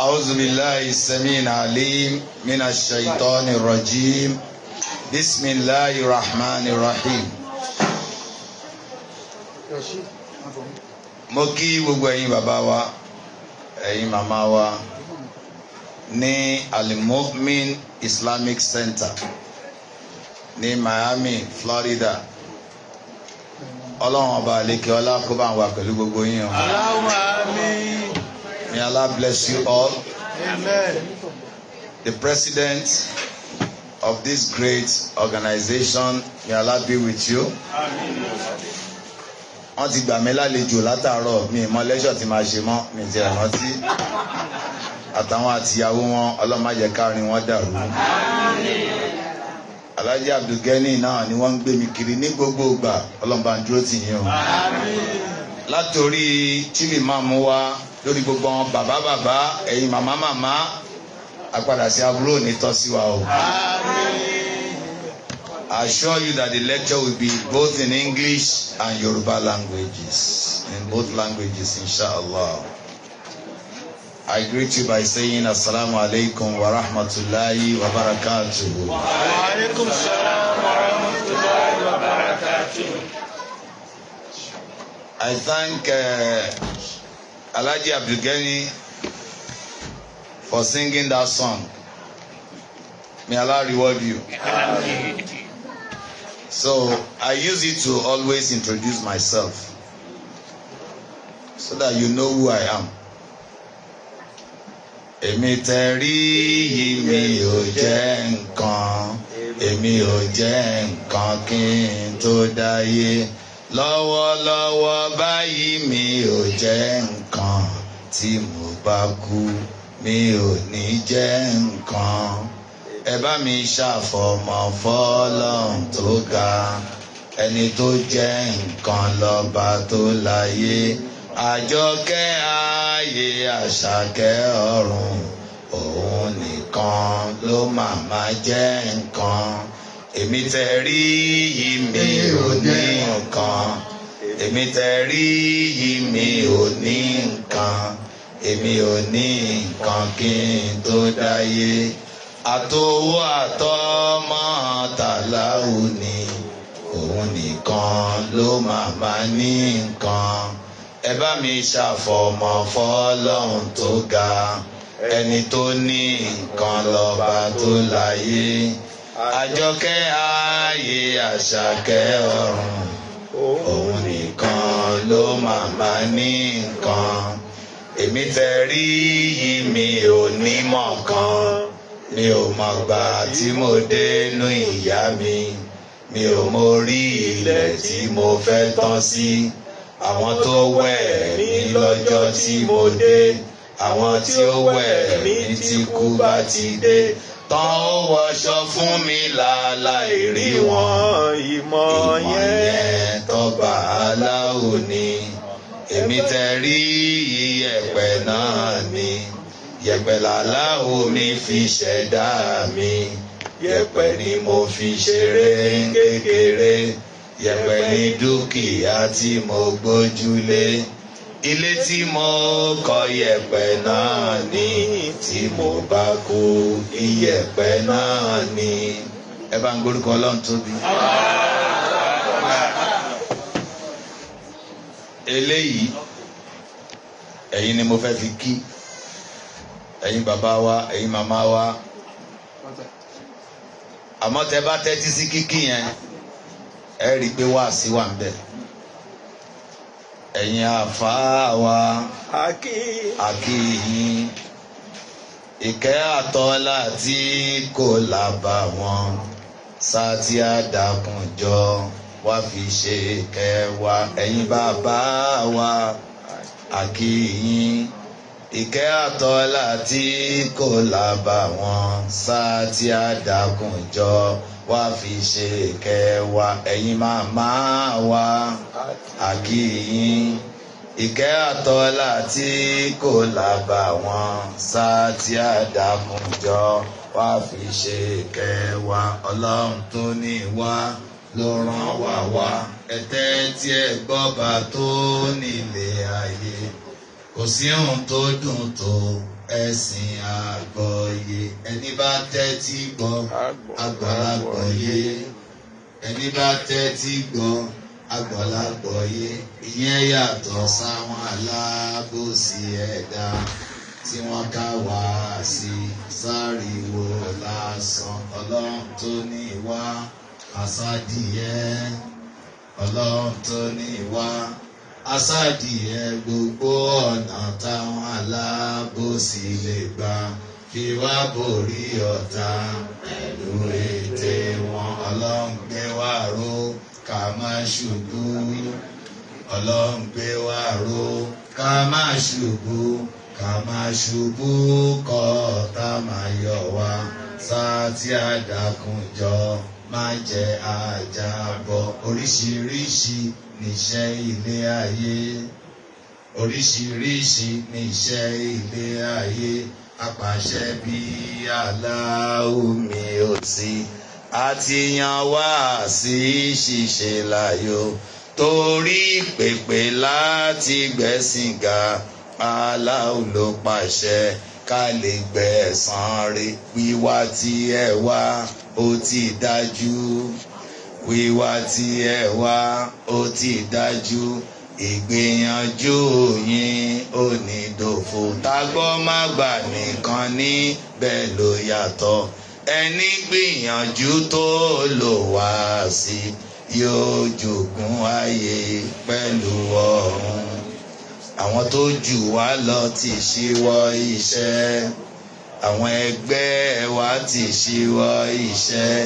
أعوذ بالله السميع العليم من الشيطان الرجيم بسم الله الرحمن الرحيم mo kí gbogbo ẹ̀yin bàbá wa ẹ̀yin màmá wa ní alimomin Islamic Center ní Miami, Florida ọlọ́run ọba àlekè ọlá kó bá wà pẹ̀lú gbogbo yín o. aláwọ̀ àmín. May Allah bless you all. Amen. The president of this great organization, may Allah be with you. Wọ́n ti gbà mí lálejò látàárọ̀ mi ìmọ̀ lẹ́ṣọ̀ tí màá ṣe mọ́ mi ti rántí. Àtàwọn àtìyàwó wọn ọlọ́màjẹ kárin wọn dàrú. Alhaji Abdulgani náà ni wọ́n ń gbé mi kiri ní gbogbo ìgbà ọlọ́mọba dúró tì yín o. Látòrí tíìmù máa mú wá lórí gbogbo àwọn bàbá bàbá ẹ̀yin màmá màmá àpadà sí àbúrò ní tọ́sí wa o. I assure you that the lecture will be both in English and Yoruba languages, in both languages, inshallah. I greet you by saying Assalamu alaikum wa rahmatullahi wa barakatuh. Wa alaikum salam wa rahmatullahi wa barakatuh. I thank uh, Alhaji Abdulgani for singing that song. May Allah reward you. so I use it to always introduce myself so that you know who I am. Èmi tẹ rí yìí mi ò jẹ́ nǹkan, èmi ò jẹ́ nǹkan kí n tó dáyé lọ́wọ́lọ́wọ́ báyìí mi ò jẹ́ nǹkan tí mo bá kú mi ò ní jẹ́ nǹkan ẹ bá mi ṣàfọ̀mọ́ fọ́lọ́run tó ga ẹni tó jẹ́ nǹkan lọ́ba tó láyé àjọkẹ́ ààyè àṣàkẹ́ ọ̀run òun nìkan ló màmá jẹ́ nǹkan èmi tẹ rí yìí mi ò ní nǹkan èmi tẹ rí yìí mi ò ní nǹkan èmi ò ní nǹkan kí n tó dáyé àtowó àtọmọ tàláwù ni òun nìkan ló máa máa ní nǹkan ẹ bá mi ṣàfọ̀mọ́ fọ́lọ́run tó ga ẹni tó ní nǹkan lọ́ba tó láyé àjọkẹ́ ayé àṣàkẹ́ ọ̀run òun nìkan ló màmá ní nǹkan èmi tẹ rí yìí mi ò ní mọ̀ kan mi ò mọ̀ gbà tí mo dé inú ìyá mi mi ò mọ orí ilẹ̀ tí mo fẹ́ tán sí àwọn tó wẹ̀ mí lọ́jọ́ tí mo dé àwọn tí ó wẹ̀ mí tí kú bá ti dé tán ó wọṣọ fún mi láláì rí wọn ìmọ̀ yẹn tọ́ba aláwo ni èmi tẹ rí iyẹ̀pẹ̀ náà ni yẹ̀pẹ̀ làláwo mi fi ṣẹ̀dá mi yẹ̀pẹ̀ ni mo fi ṣeré kékeré yẹ̀pẹ̀ ni dúkìá tí mo gbójúlé ilé tí mo kọ́ yẹ̀pẹ̀ náà ni tí mo bá kú iyẹ̀pẹ̀ náà ni. ẹ bá ń gbórúkọ ọlọ́run tóbi. eléyìí ẹ̀yin ni mo fẹ́ fi kí ẹ̀yin bàbá wa ẹ̀yin màmá wa àmọ́ tẹ bá tẹ́tí sí kíkí yẹn ẹ rí i pé wáàsí wà ń bẹ̀ ẹ̀yin àfáà wa àkíyìn ìkẹ́ àtọ́lá tí kò lábà wọn sátí àdàkùnjọ wá fi ṣe ìkẹ́ wa ẹ̀yin bàbá wa àkíyìn ìkẹ́ àtọ́lá tí kò lábà wọn sáà tí àdàkùn jọ wá fi ṣe ìkẹ́ wa ẹ̀yin màmá wa àkìyìn ìkẹ́ àtọ́lá tí kò lábà wọn sáà tí àdàkùn jọ wá fi ṣe ìkẹ́ wa ọlọ́run tó ní wá ló rán wa wá ẹ̀tẹ́ tí ẹ gbọ́ bá tó nílé ayé kò sí ohun tó dùn tó ẹ̀sìn àgbọ́yé ẹni bá tẹ́tí gbọ́ àgbàlagbọ́yé ẹni bá tẹ́tí gbọ́ àgbàlagbọ́yé ìyẹn yàtọ̀ sáwọn alábòsí ẹ̀dá tí wọ́n ká wá sí sáriwo lásán ọlọ́run tó ní wá àsádìyẹ ọlọ́run tó ní wá asádìẹ gbogbo ọ̀nà táwọn alábòsí lè gbà fi wá borí ọ̀tá pẹ̀lú ète wọn ọlọ́run gbé wá ró ká má ṣubú ọlọ́run gbé wá ró ká má ṣubú ká má ṣubú kọ́ ọ̀tá máa yọ wá sáà tí àdàkùn jọ má jẹ́ oríṣiríṣi níṣẹ́ ilé ayé oríṣiríṣi níṣẹ́ ilé ayé apàṣẹ bí aláwùmí ò sí àti yan wá sí ṣíṣe láyò torí pèpè láti gbẹ̀sìn ga aláwù ló pàṣẹ ká lè gbẹ̀san wíwá tí ẹ wá ó ti dájú wíwá tí ẹ wá ó ti dájú ìgbìyànjú yín ò ní dòfo tágbọ́ má gbà nìkan níbẹ̀ ló yàtọ̀ ẹni gbìyànjú tó lò wá sí yóò jogún ayé pẹ̀lú ọ̀run àwọn tó jù wá lọ ti ṣíwọ́ iṣẹ́ àwọn ẹgbẹ́ wa ti ṣíwọ́ iṣẹ́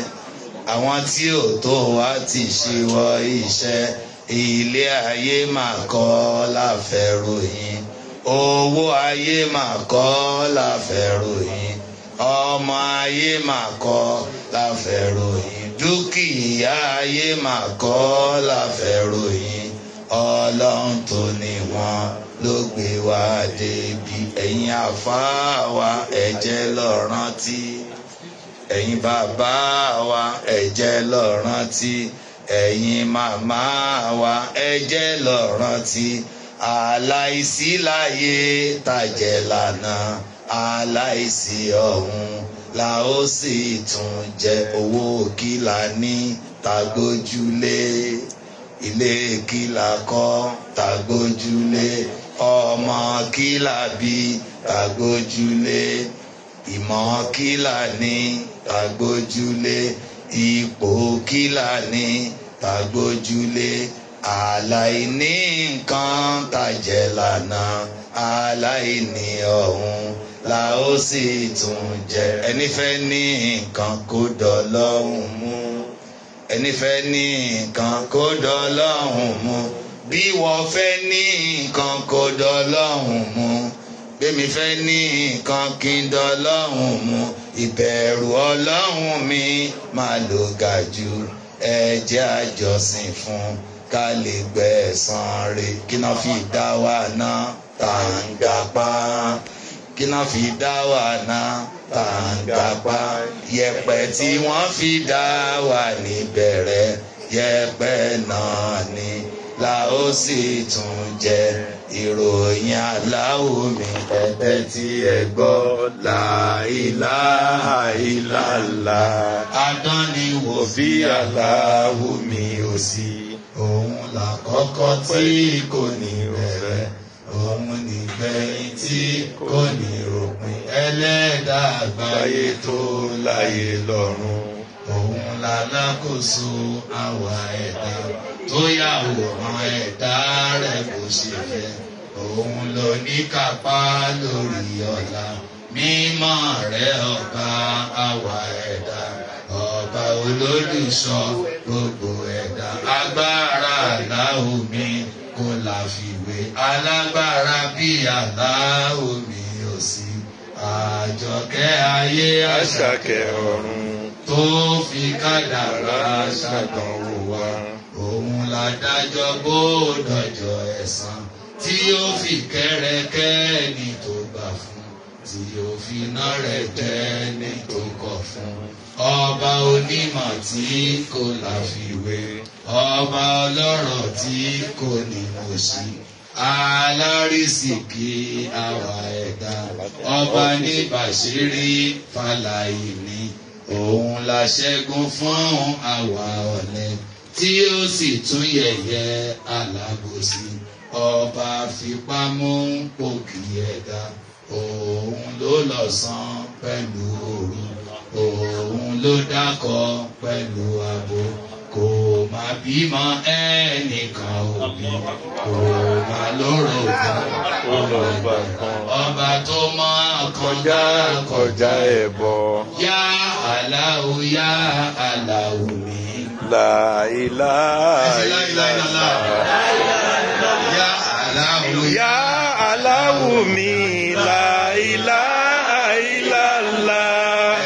àwọn tí ò tó wa ti ṣíwọ́ iṣẹ́ ilé ayé máa kọ́ láfẹ̀ròyìn owó ayé máa kọ́ láfẹ̀ròyìn ọmọ ayé máa kọ́ láfẹ̀ròyìn dúkìá ayé máa kọ́ láfẹ̀ròyìn ọlọ́run tó ní wọn ló gbé wa débi ẹ̀yin àfáà wa ẹ̀jẹ̀ lọ́ọ́ rántí ẹ̀yin bàbá wa ẹ jẹ́ lọ rántí ẹ̀yin màmá wa ẹ jẹ́ lọ rántí aláìsí láyé tàjẹ̀ lànà aláìsí ọ̀hún la ó sì tún jẹ owó kìlà ní tàgbójúlé ilé kìlà kọ́ tàgbójúlé ọmọ kìlà bí tàgbójúlé ìmọ̀ kìlà ní tàgbójúlé ipò kílàní tàgbójúlé aláìní nǹkan tàjẹ̀ lànà aláìní ọ̀hún la ó sì tún jẹ ẹni fẹ́ ní nǹkan kó dọ̀lọ́hùn mú ẹni fẹ́ ní nǹkan kó dọ̀lọ́hùn mú bí wọ́n fẹ́ ní nǹkan kó dọ̀lọ́hùn mú. Bẹ́mi fẹ́ ní nǹkan kí n dọ́lọ́hùn mu ìbẹ̀rù ọlọ́hùn mi máa lò ga jù ẹ jẹ́ àjọsìn fún ká lè gbẹ̀san rẹ̀ kí náà fi dá wa náà tàǹgàpá kí náà fi dá wa náà tàǹgàpá yẹ̀pẹ̀ tí wọ́n fi dá wa níbẹ̀rẹ̀ yẹ̀pẹ̀ náà ni la ó sì tún jẹ́ ìròyìn aláwo mi ẹ̀ẹ́ tí ẹ gbọ́ láìláha ìlàlá adánniwò bí aláwo mi ò sí òun làkọ́kọ́ tí kò ní rẹ̀ òun nìgbẹ̀yìn tí kò ní ròpin ẹlẹ́dà àgbáyé tó láyé lọ́run òun làlákòóso àwa ẹ̀dá tó yàwòrán ẹ̀dá rẹ̀ bó ṣe fẹ́ òun ló ní kápá lórí ọ̀la mímọ́ rẹ̀ ọba àwa ẹ̀dá ọba olólùṣọ́ gbogbo ẹ̀dá agbára láomi kò láfiwé alágbára bí àlá omi ò sí àjọkẹ́ ayé àṣàkẹ́ ọ̀run tó fi kádàrá ṣàdánwò wa òun ládájọ́ bó dọjọ́ ẹ̀san tí ó fi kẹ́rẹ́kẹ́ ẹni tó gbà fún tí ó fi iná rẹ̀ jẹ́ ẹni tó kọ̀ fún ọba onímọ̀ tí kò láfiwé ọba ọlọ́rọ̀ tí kò ní mọ̀ṣí alárísìkí àwa ẹ̀dá ọba ní bàṣírí fàlàyé ni òun la ṣẹ́gun fún àwa ọ̀lẹ tí ó sì tún yẹ̀yẹ́ alábòsí ọba fipá mú òkì ẹ̀dá òun ló lọ́sàn pẹ̀lú òru òun ló dákọ̀ pẹ̀lú abo kò má bímọ ẹnìkan òbí kò má lóró kan ọba tó mọ kọjá kọjá ẹbọ. yá aláwo yá aláwo mi. láìlá ìlà ìlà yá aláwo yá aláwo mi láìlá ìlà ìlà.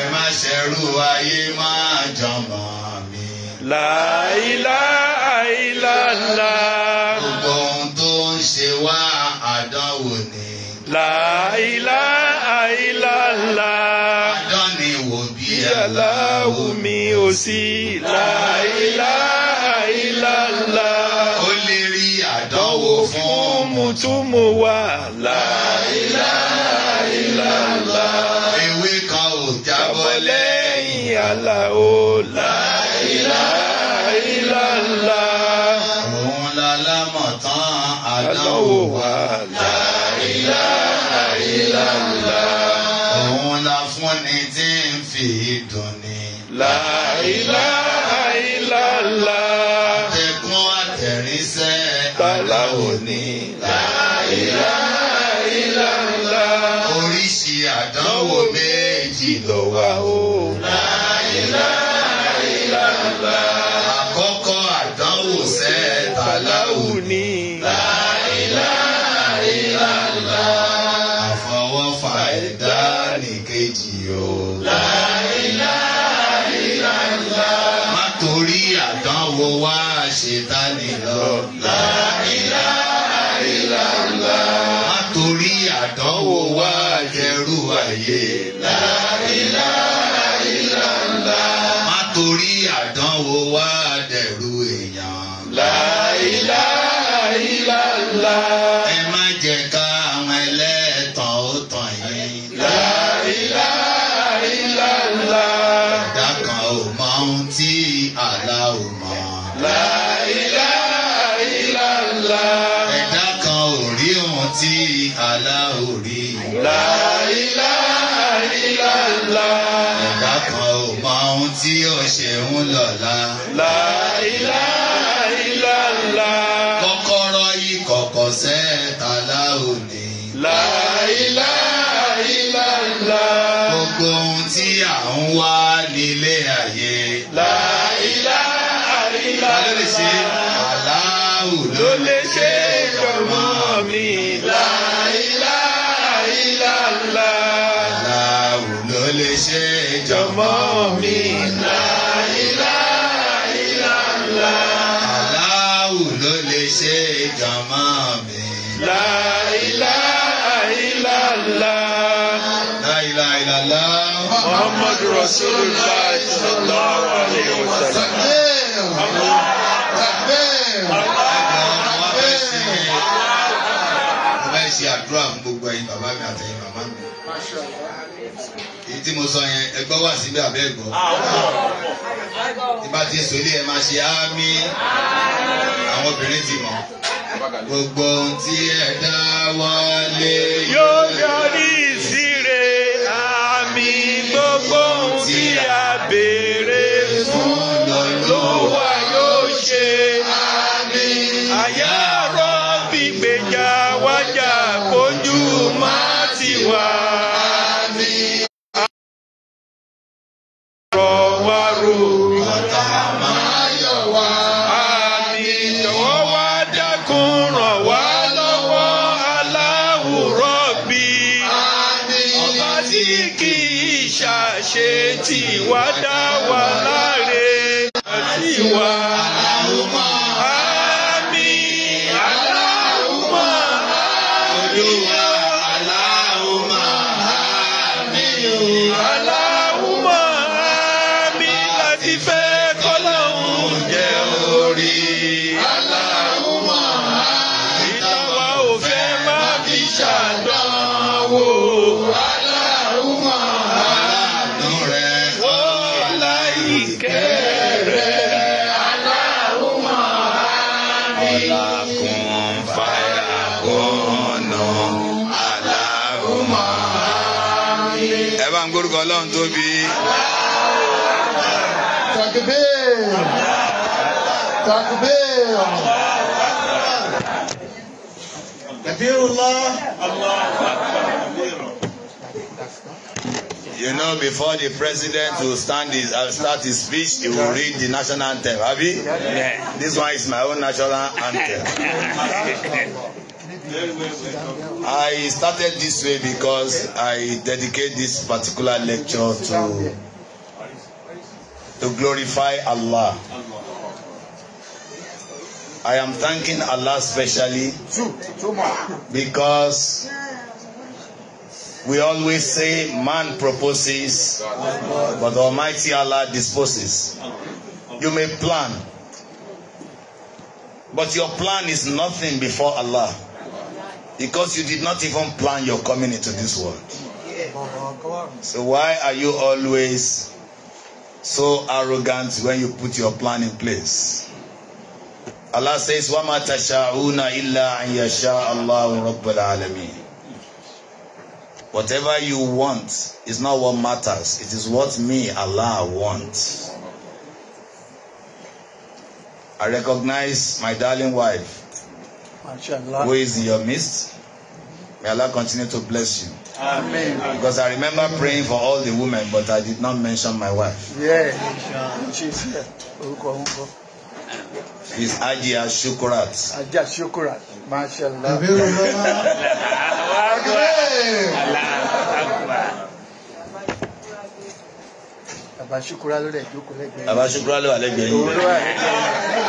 ẹ má ṣerú ayé máa láìlá àìlàlá. gbogbo ohun tó ń ṣe wá àdánwò ni. láìlá àìlàlá. àdán ni wò bí aláwo mi ò sí. láìlá àìlàlá. ó lè rí àdánwò fún mùtúmùwà láìlá. wa o. láìlá ìlànà àkọ́kọ́ àdánwò sẹ́ẹ̀ta láwù ni. láìlá ìlànà àfọwọ́fà ẹ̀dá nìkejì o. láìlá ìlànà má torí àdánwò wá ṣètánì lọ. láìlá ìlànà má torí àdánwò wá jẹrú ayé. Rasulullah sallallahu alayhi wa sallam. Bàbá yìí ṣe àdúrà fún gbogbo ẹ̀yin bàbá mi àtẹ̀yin màmá mi. Èyí tí mo sọ yẹn ẹgbọ́ wà síbẹ̀ àbẹ́ ẹ̀gbọ́. Ìbá ti sòlí ẹ̀ máa ṣe ámì. Àwọn obìnrin ti mọ̀. Gbogbo ohun tí ẹ dá wọlé yóò yọrí sí tí a béèrè fún ló wà yóò ṣe àmín àyà. why. takbir. Kabirullah. Allah. You know, before the president will stand his, uh, start his speech, he will read the national anthem. Have you? Yeah. This one is my own national anthem. I started this way because I dedicate this particular lecture to to glorify Allah I am thanking Allah specially because we always say man proposes, but Almighty Allah disposes. You may plan, but your plan is nothing before Allah because you did not even plan your coming into this world. So, why are you always so arrogant when you put your plan in place? Allah says, وَمَا تَشَاءُونَ إِلَّا أَنْ يَشَاءَ اللَّهُ رَبُّ الْعَالَمِينَ Whatever you want is not what matters. It is what me, Allah, want. I recognize my darling wife who is in your midst. May Allah continue to bless you. Amen. Because I remember praying for all the women, but I did not mention my wife. Yeah is Ajia Shukurat. Ajia Shukurat, mashallah. Bàbá Ṣukura ló lè jókòó lẹ́gbẹ̀ẹ́. Bàbá Ṣukura ló wà yìí.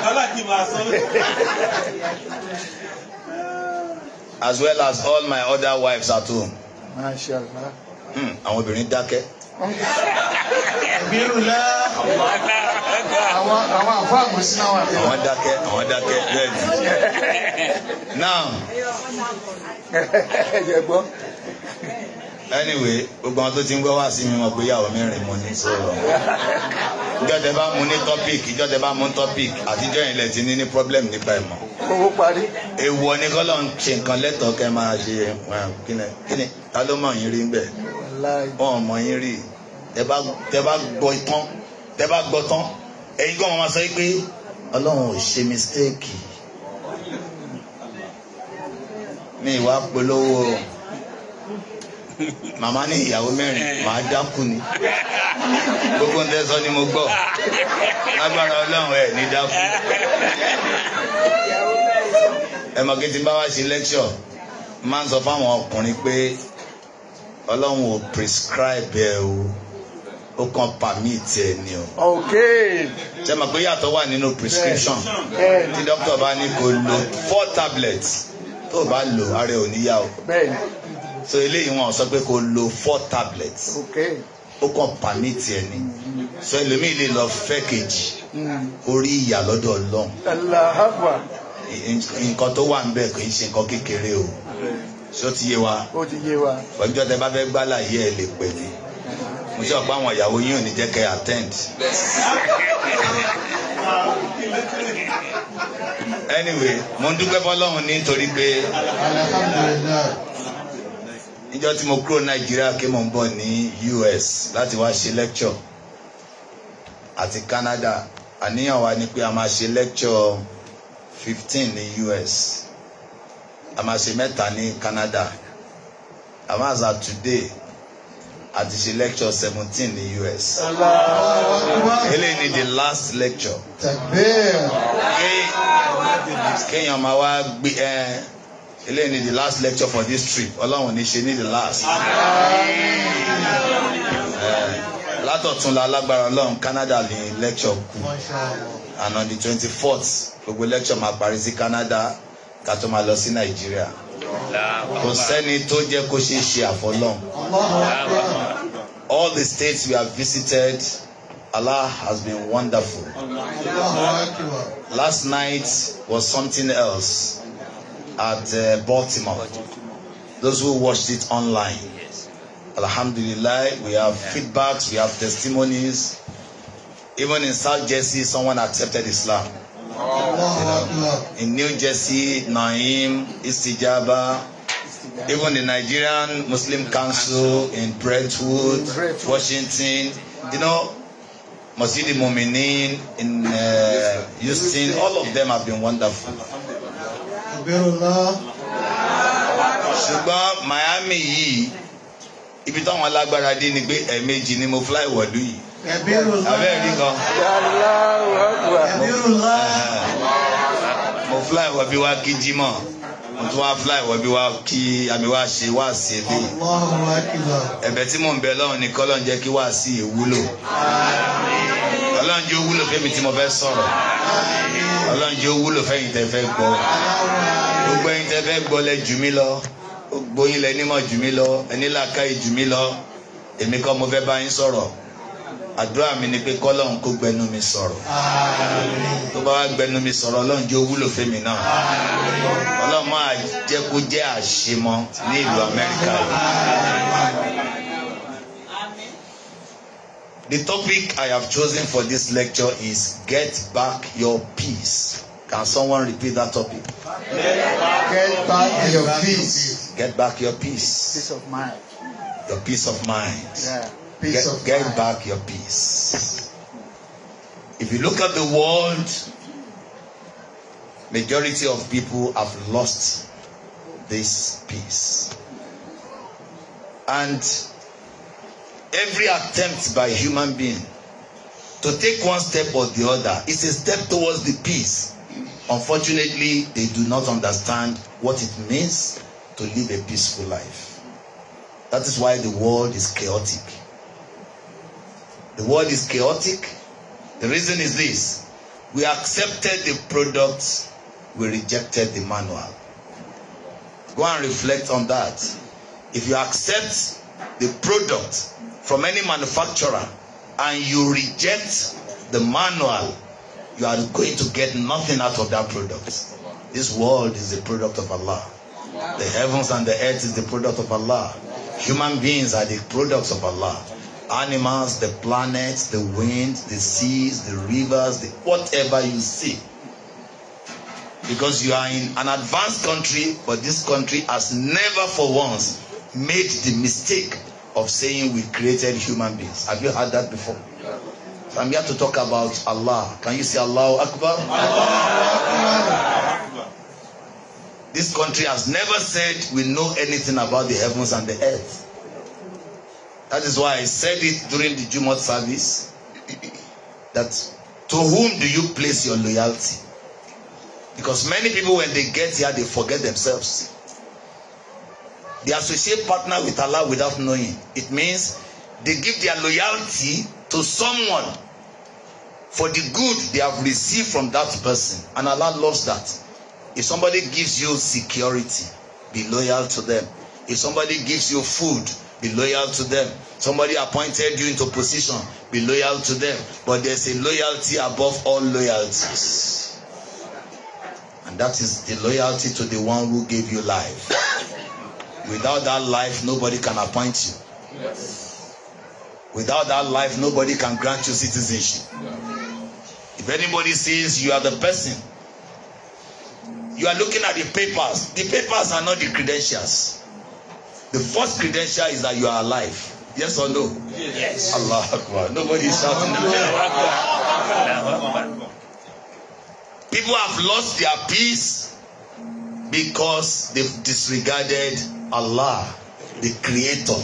Bàbá As well as all my other wives at home. Mashallah. Hmm, àwọn obìnrin dákẹ́ bírúlá àwọn àwọn àfáàmù sí náà wà. àwọn dákẹ́ àwọn dákẹ́ bẹ́ẹ̀ ni now anyway gbogbo àwọn tó ti ń gbọ́ wá sí mi mọ̀ pé ìyàwó mẹ́rin mo ní sọ̀rọ̀ ìjọ́tẹ̀ bá mu ní topic ìjọ́tẹ̀ bá mu ní topic àtijọ́ yẹn lẹ̀ ti ní ní problem nípa ẹ̀ mọ́. owó parí. èèwọ̀ ni kọ́lọ̀ ń ṣe nǹkan lẹ́tọ̀ọ́ kẹ́ máa ṣe kíni kíni ta ló mọ̀ yín rí bẹ́ẹ̀ wọ́n mọ̀ yín rí tẹ bá gbọ́ ìtàn tẹ bá gbọ́ tán ẹ̀yin gan máa sọ pé ọlọ́run ò ṣe mistake mi ìwà polówó màmá ní ìyàwó mẹ́rin màá dákú ni gbogbo ń tẹ́sọ́ ni mo gbọ́ agbára ọlọ́run ẹ̀ ní dákú ẹ mọ̀ kí n ti bá wá ṣe lecture máa ń sọ fáwọn ọkùnrin pé ọlọ́run ò prescribe ẹ o ó kàn permit ẹ ni o. ok. ṣe mọ̀ pé yàtọ̀ wà nínú prescription tí dókítà bá ní kó lo four tablets tó bá lò ara ò ní yá o. so eléyìí wọn sọ pé kó lo four tablets. ok. ó kàn permit ẹ ni so ẹlòmíì lè lọ fẹ́ kejì orí hmm. ìyà lọ́dọ̀ ọlọ́run. Allahu nǹkan tó wà ń kì í ṣe nǹkan kékeré o. ṣé ti yé wa? ó ti yé wa. ọjọ́ tẹ bá fẹ́ gbálà yé ẹ lè pè mí mo sọ pé àwọn ìyàwó yín ò ní jẹ́ kẹ́ attend. anyway mo ń dúpẹ́ fọlọ́run nítorí pé níjọ́ tí mo kúrò nàìjíríà kí mo ń bọ̀ ní US láti wá ṣe lecture àti Canada àníyàn wa ni pé a máa ṣe lecture fifteen ní US a máa ṣe mẹ́ta ní Canada àmọ́ as at today àti ṣe lecture seventeen ní US. eléyìí ni the last lecture. kéèyàn máa wá gbé ẹ eléyìí ni the last lecture for this trip ọlọ́run ní ṣe ní the last. látọ̀túnla alágbára ọlọ́run Canada ní lecture kù and on the twenty fourth gbogbo lecture máa parí sí Canada ká tó máa lọ sí Nàìjíríà kò sẹ́ni tó jẹ́ kó ṣe ṣe àfọlọ́n. All the states we have visited, Allah has been wonderful. Last night was something else at uh, Baltimore. Those who watched it online. Alhamdulillah, we have feedbacks, we have testimonies. Even in South Jersey, someone accepted Islam. In New Jersey, Naim, Istijaba, even the Nigerian Muslim Council in Brentwood, Washington, you know, Masjid Muminin in uh, Houston, all of them have been wonderful. ṣùgbọ́n Miami yìí ibi táwọn alágbára dé ni pé ẹ̀ẹ̀mejì ni mo fly wọ̀lú yìí abẹ́rẹ́ uh, kan. mo fly wọ bí wá kí jímọ̀ mo tún wá fly wọ bí wá kí àmì wá ṣe wá sí ẹbí. ẹ̀bẹ̀ tí mò ń bẹ lọ́run ni kọ́lọ́n jẹ́ kí wá sí ìwúlò. Ọlọ́run jẹ́ ó wúlò fẹ́mi tí mo fẹ́ sọ̀rọ̀. Ọlọ́run jẹ́ ó wúlò fẹ́yìn tẹ́ fẹ́ gbọ́. gbogbo ẹ̀yin tẹ́ fẹ́ gbọ́ lẹ jù mí lọ gbogbo yín lẹ nímọ̀ jù mí lọ ẹni làákàyè jù mí lọ èmi kọ́ mo fẹ́ bá yín sọ̀rọ̀ àdúrà mi ni pé kọ́lọ́hún kó gbẹnu mi sọ̀rọ̀ tó bá wá gbẹnu mi sọ̀rọ̀ ọlọ́run jẹ́ owúlò fẹ́mi náà ọlọ́run máa jẹ́ kó jẹ́ àṣemọ ní ìlú amẹ́ríkà The topic I have chosen for this lecture is Get Back Your Peace. Can someone repeat that topic? Get back your peace. Get back your peace. Peace of mind. Your peace of mind. Yeah. Peace get, of get mind. back your peace. If you look at the world, majority of people have lost this peace. And every attempt by human being to take one step or the other is a step towards the peace. Unfortunately, they do not understand what it means to live a peaceful life. That is why the world is chaotic. The world is chaotic. The reason is this. We accepted the product, we rejected the manual. Go and reflect on that. If you accept the product from any manufacturer and you reject the manual, you are going to get nothing out of that product. This world is the product of Allah. The heavens and the earth is the product of Allah. Human beings are the products of Allah animals, the planets, the winds, the seas, the rivers, the whatever you see. Because you are in an advanced country, but this country has never for once made the mistake of saying we created human beings. Have you heard that before? I'm here to talk about Allah. Can you say Allahu Akbar? Allah Akbar. This country has never said we know anything about the heavens and the earth. That is why I said it during the Jumot service that to whom do you place your loyalty? Because many people, when they get here, they forget themselves. They associate partner with Allah without knowing. It means they give their loyalty to someone for the good they have received from that person. And Allah loves that. If somebody gives you security, be loyal to them. If somebody gives you food, be loyal to them. Somebody appointed you into position, be loyal to them. But there's a loyalty above all loyalties. And that is the loyalty to the one who gave you life. Without that life, nobody can appoint you. Without that life, nobody can grant you citizenship. If anybody says you are the person, you are looking at the papers. The papers are not the credentials. The first credential is that you are alive. Yes or no? Yes. Allah Akbar. Nobody is shouting. Allah Akbar. People have lost their peace because they've disregarded Allah, the Creator.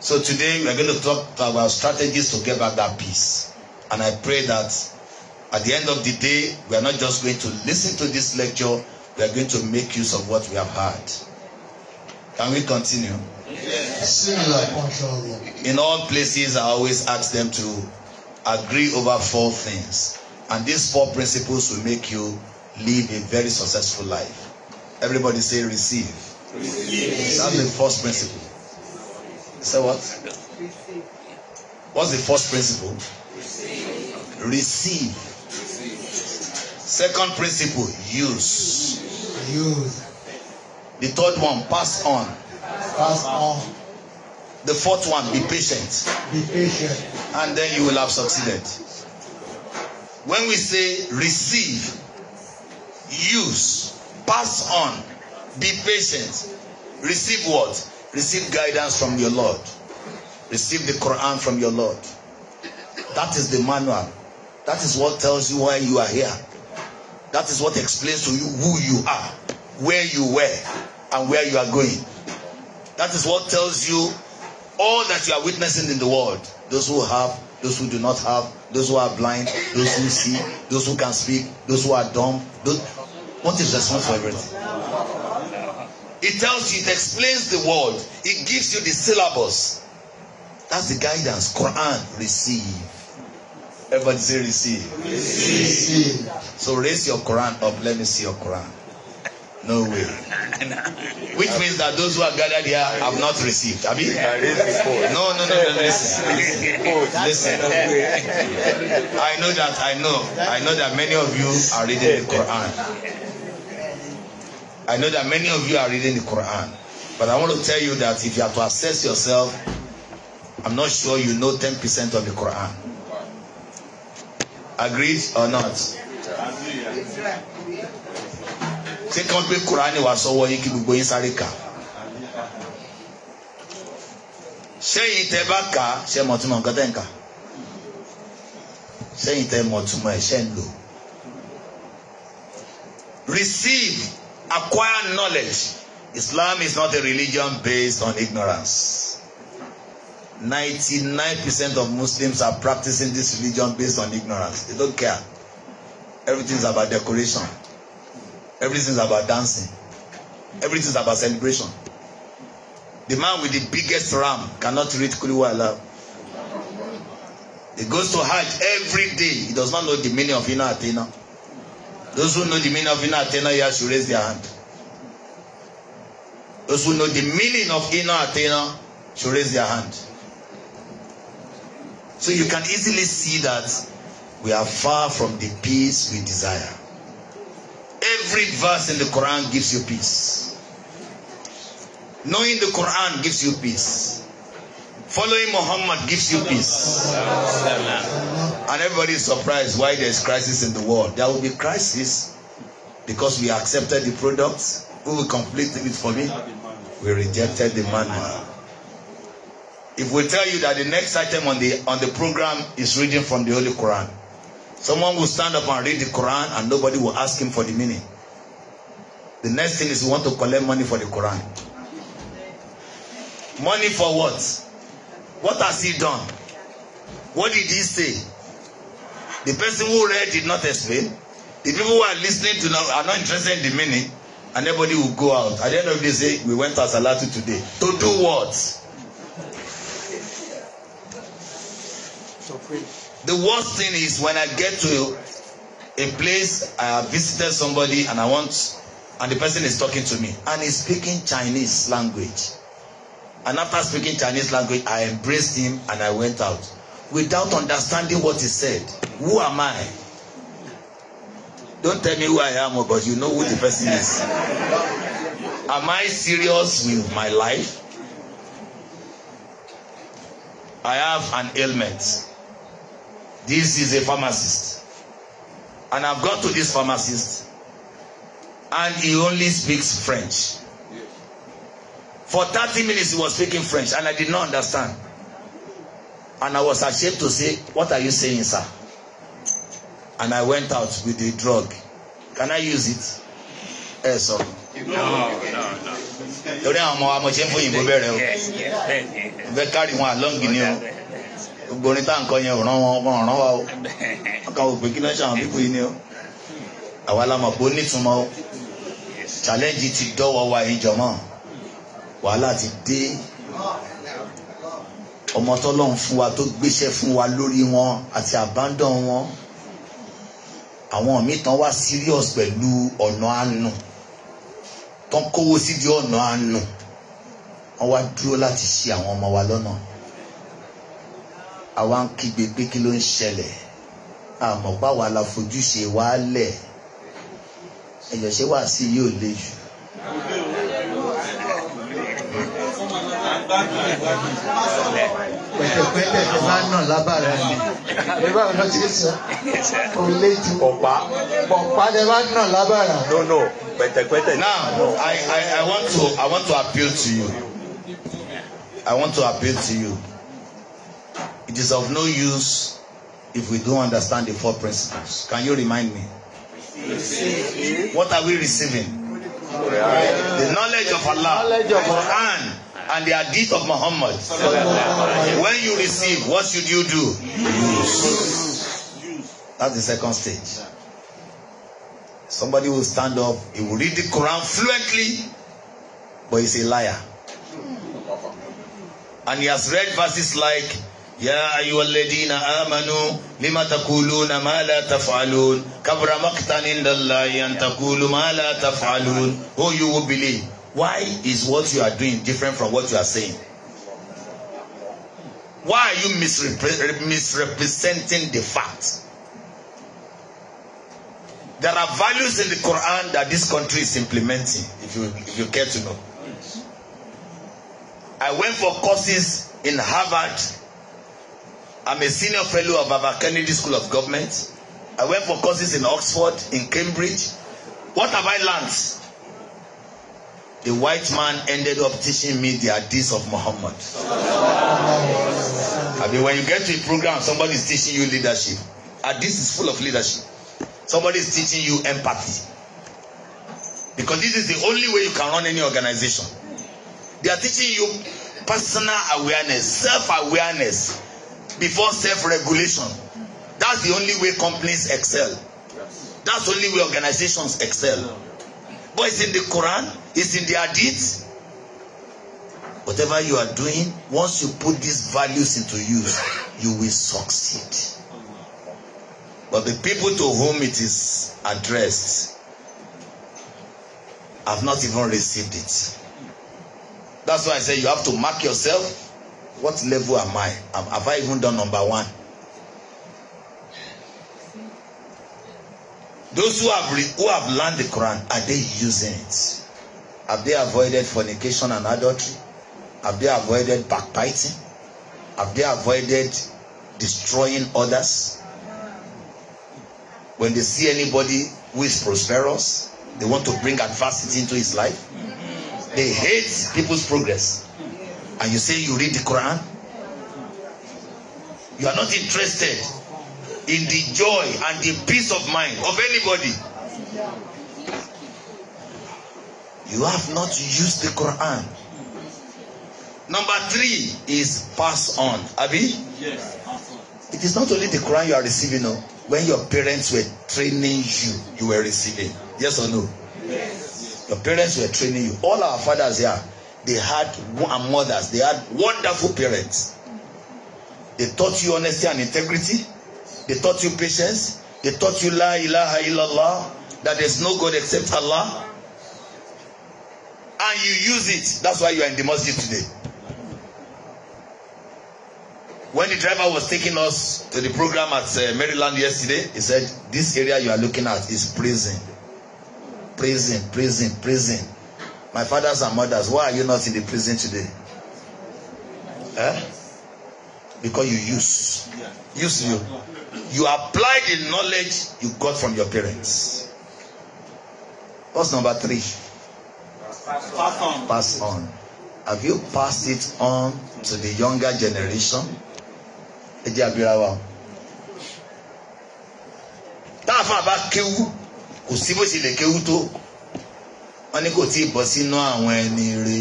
So today we are going to talk about strategies to get back that peace. And I pray that at the end of the day, we are not just going to listen to this lecture we are going to make use of what we have heard. Can we continue? Yes. In all places, I always ask them to agree over four things. And these four principles will make you live a very successful life. Everybody say receive. receive. That's the first principle. Say what? Receive. What's the first principle? Receive. receive. Second principle, use. Use. The third one, pass on. Pass on. The fourth one, be patient. Be patient. And then you will have succeeded. When we say receive, use, pass on, be patient, receive what? Receive guidance from your Lord. Receive the Quran from your Lord. That is the manual. That is what tells you why you are here. That is what explains to you who you are, where you were, and where you are going. That is what tells you all that you are witnessing in the world. Those who have, those who do not have, those who are blind, those who see, those who can speak, those who are dumb. Those, what is responsible for everything? It tells you, it explains the world, it gives you the syllabus. That's the guidance Quran received. Everybody say receive. Receive. So raise your Quran up. Let me see your Quran. No way. Which means that those who are gathered here have not received. Abi? No, no, no, no, listen. Listen. I know that, I know. I know that many of you are reading the Quran. I know that many of you are reading the Quran. But I want to tell you that if you are to assess yourself, I'm not sure you know 10% of the Quran. Agreed or not? Ṣé kí wọ́n gbé Kùránì wá sọ́wọ́ yín kí gbogbo yín sáré kà? Ṣéyìn tẹ bá kà á ṣe mọ̀túmọ̀ nǹkan tẹ̀ ń kà? Ṣéyìn tẹ mọ̀túmọ̀ ẹ̀ ṣe ń lò? Receive acquire knowledge. Islam is not a religion based on ignorance. 99 percent of Muslims are practicing this religion based on ignorance. They don't care. Everything is about decoration. Everything is about dancing. Everything is about celebration. The man with the biggest ram cannot read Kuliwa aloud. He goes to Hajj every day. He does not know the meaning of Ina Atena. Those who know the meaning of Ina Atena, here should raise their hand. Those who know the meaning of Ina Atena, should raise their hand. So you can easily see that we are far from the peace we desire. Every verse in the Quran gives you peace. Knowing the Quran gives you peace. Following Muhammad gives you peace. And everybody is surprised why there is crisis in the world. There will be crisis because we accepted the product. We will complete it for me. We rejected the manual. If we tell you that the next item on the on the program is reading from the Holy Quran, someone will stand up and read the Quran and nobody will ask him for the meaning. The next thing is we want to collect money for the Quran. Money for what? What has he done? What did he say? The person who read did not explain. The people who are listening to now are not interested in the meaning, and everybody will go out. At the end of the day, we went to Salatu today. To do what? The worst thing is when I get to a place I have visited somebody and I want and the person is talking to me and he's speaking Chinese language. And after speaking Chinese language, I embraced him and I went out without understanding what he said. Who am I? Don't tell me who I am, but you know who the person is. Am I serious with my life? I have an ailment. This is a pharmacist. And I've gone to this pharmacist, and he only speaks French. For 30 minutes, he was speaking French, and I did not understand. And I was ashamed to say, What are you saying, sir? And I went out with the drug. Can I use it? Eh, sorry. Torí àwọn ọmọ amọ̀ṣẹ́ fún òyìnbó bẹ̀rẹ̀ o. Bẹ́ẹ̀ kárí wọn àlọ́ǹgì ni o gbogbo orin tá nǹkan yẹn ọ̀ràn wọn ọ̀ràn wa o ọkàn òpè kí ló ń ṣàwọn yìí ni o àwa la mọ̀ pé ó nítumọ̀ o challenge ti dọ́wọ́ wa yìí jọmọ́ wàhálà ti dé ọmọ tọ́lọ́run fún wa tó gbéṣẹ́ fún wa lórí wọn àti abandon wọn àwọn míì tán wá serious pẹ̀lú ọ̀nà àánú tán kówó sídìí ọ̀nà àánú wọ́n wá dúró láti ṣì àwọn ọmọ wa lọ́nà àwa ń kígbe pé kí ló ń ṣẹlẹ̀ àmọ́ báwa la fojúṣe wa lẹ̀ ẹ̀yọ̀ ṣé wà sí yóò le jù. pẹ̀tẹ̀pẹ̀tẹ̀ tó bá nà lábàrá ni bíbá ọ̀nà tí ó sọ kò le jù. ọ̀pá ọ̀pá tẹ bá nà lábàrá. no no pẹ̀tẹ̀pẹ̀tẹ̀. now I, I, I want to I want to appeal to you I want to appeal to you. It is of no use if we don't understand the four principles. Can you remind me? What are we receiving? The knowledge of Allah, knowledge of Quran, and the hadith of Muhammad. When you receive, what should you do? Use. That's the second stage. Somebody will stand up, he will read the Quran fluently, but he's a liar. And he has read verses like يا أيها الذين آمنوا لما تقولون ما لا تفعلون كبر مقتا عند الله أن تقولوا ما لا تفعلون oh, who you will believe why is what you are doing different from what you are saying why are you misrepre misrepresenting the fact there are values in the Quran that this country is implementing if you if you care to know I went for courses in Harvard I'm a senior fellow of Baba Kennedy School of Government. I went for courses in Oxford, in Cambridge. What have I learned? The white man ended up teaching me the hadith of Muhammad. I mean, when you get to a program, somebody is teaching you leadership. Hadith is full of leadership. Somebody is teaching you empathy. Because this is the only way you can run any organization. They are teaching you personal awareness, self-awareness before self-regulation. That's the only way companies excel. That's the only way organizations excel. But it's in the Quran, it's in the Hadith. Whatever you are doing, once you put these values into use, you will succeed. But the people to whom it is addressed have not even received it. That's why I say you have to mark yourself what level am I? Have, have I even done number one? Those who have re, who have learned the Quran, are they using it? Have they avoided fornication and adultery? Have they avoided backbiting? Have they avoided destroying others? When they see anybody who is prosperous, they want to bring adversity into his life. They hate people's progress and you say you read the Quran? You are not interested in the joy and the peace of mind of anybody. You have not used the Quran. Number three is pass on. Abi? Yes, It is not only the Quran you are receiving, no. When your parents were training you, you were receiving. Yes or no? Yes. Your parents were training you. All our fathers here, They had mothers. They had wonderful parents. They taught you honesty and integrity. They taught you patience. They taught you la ilaha illallah, that there's no God except Allah. And you use it. That's why you are in the mosque today. When the driver was taking us to the program at uh, Maryland yesterday, he said, This area you are looking at is prison. Prison, prison, prison. My fathers and mothers, why are you not in the prison today? Eh? Because you use. Use you. You apply the knowledge you got from your parents. What's number three? Pass on. Pass on. Have you passed it on to the younger generation? Ẹ jẹ́ abira wa. Táàfà bá kéwú, kò sí bó ṣe lè kéwú tó wọ́n ní kò tí ì bọ́ sínú àwọn ẹni rè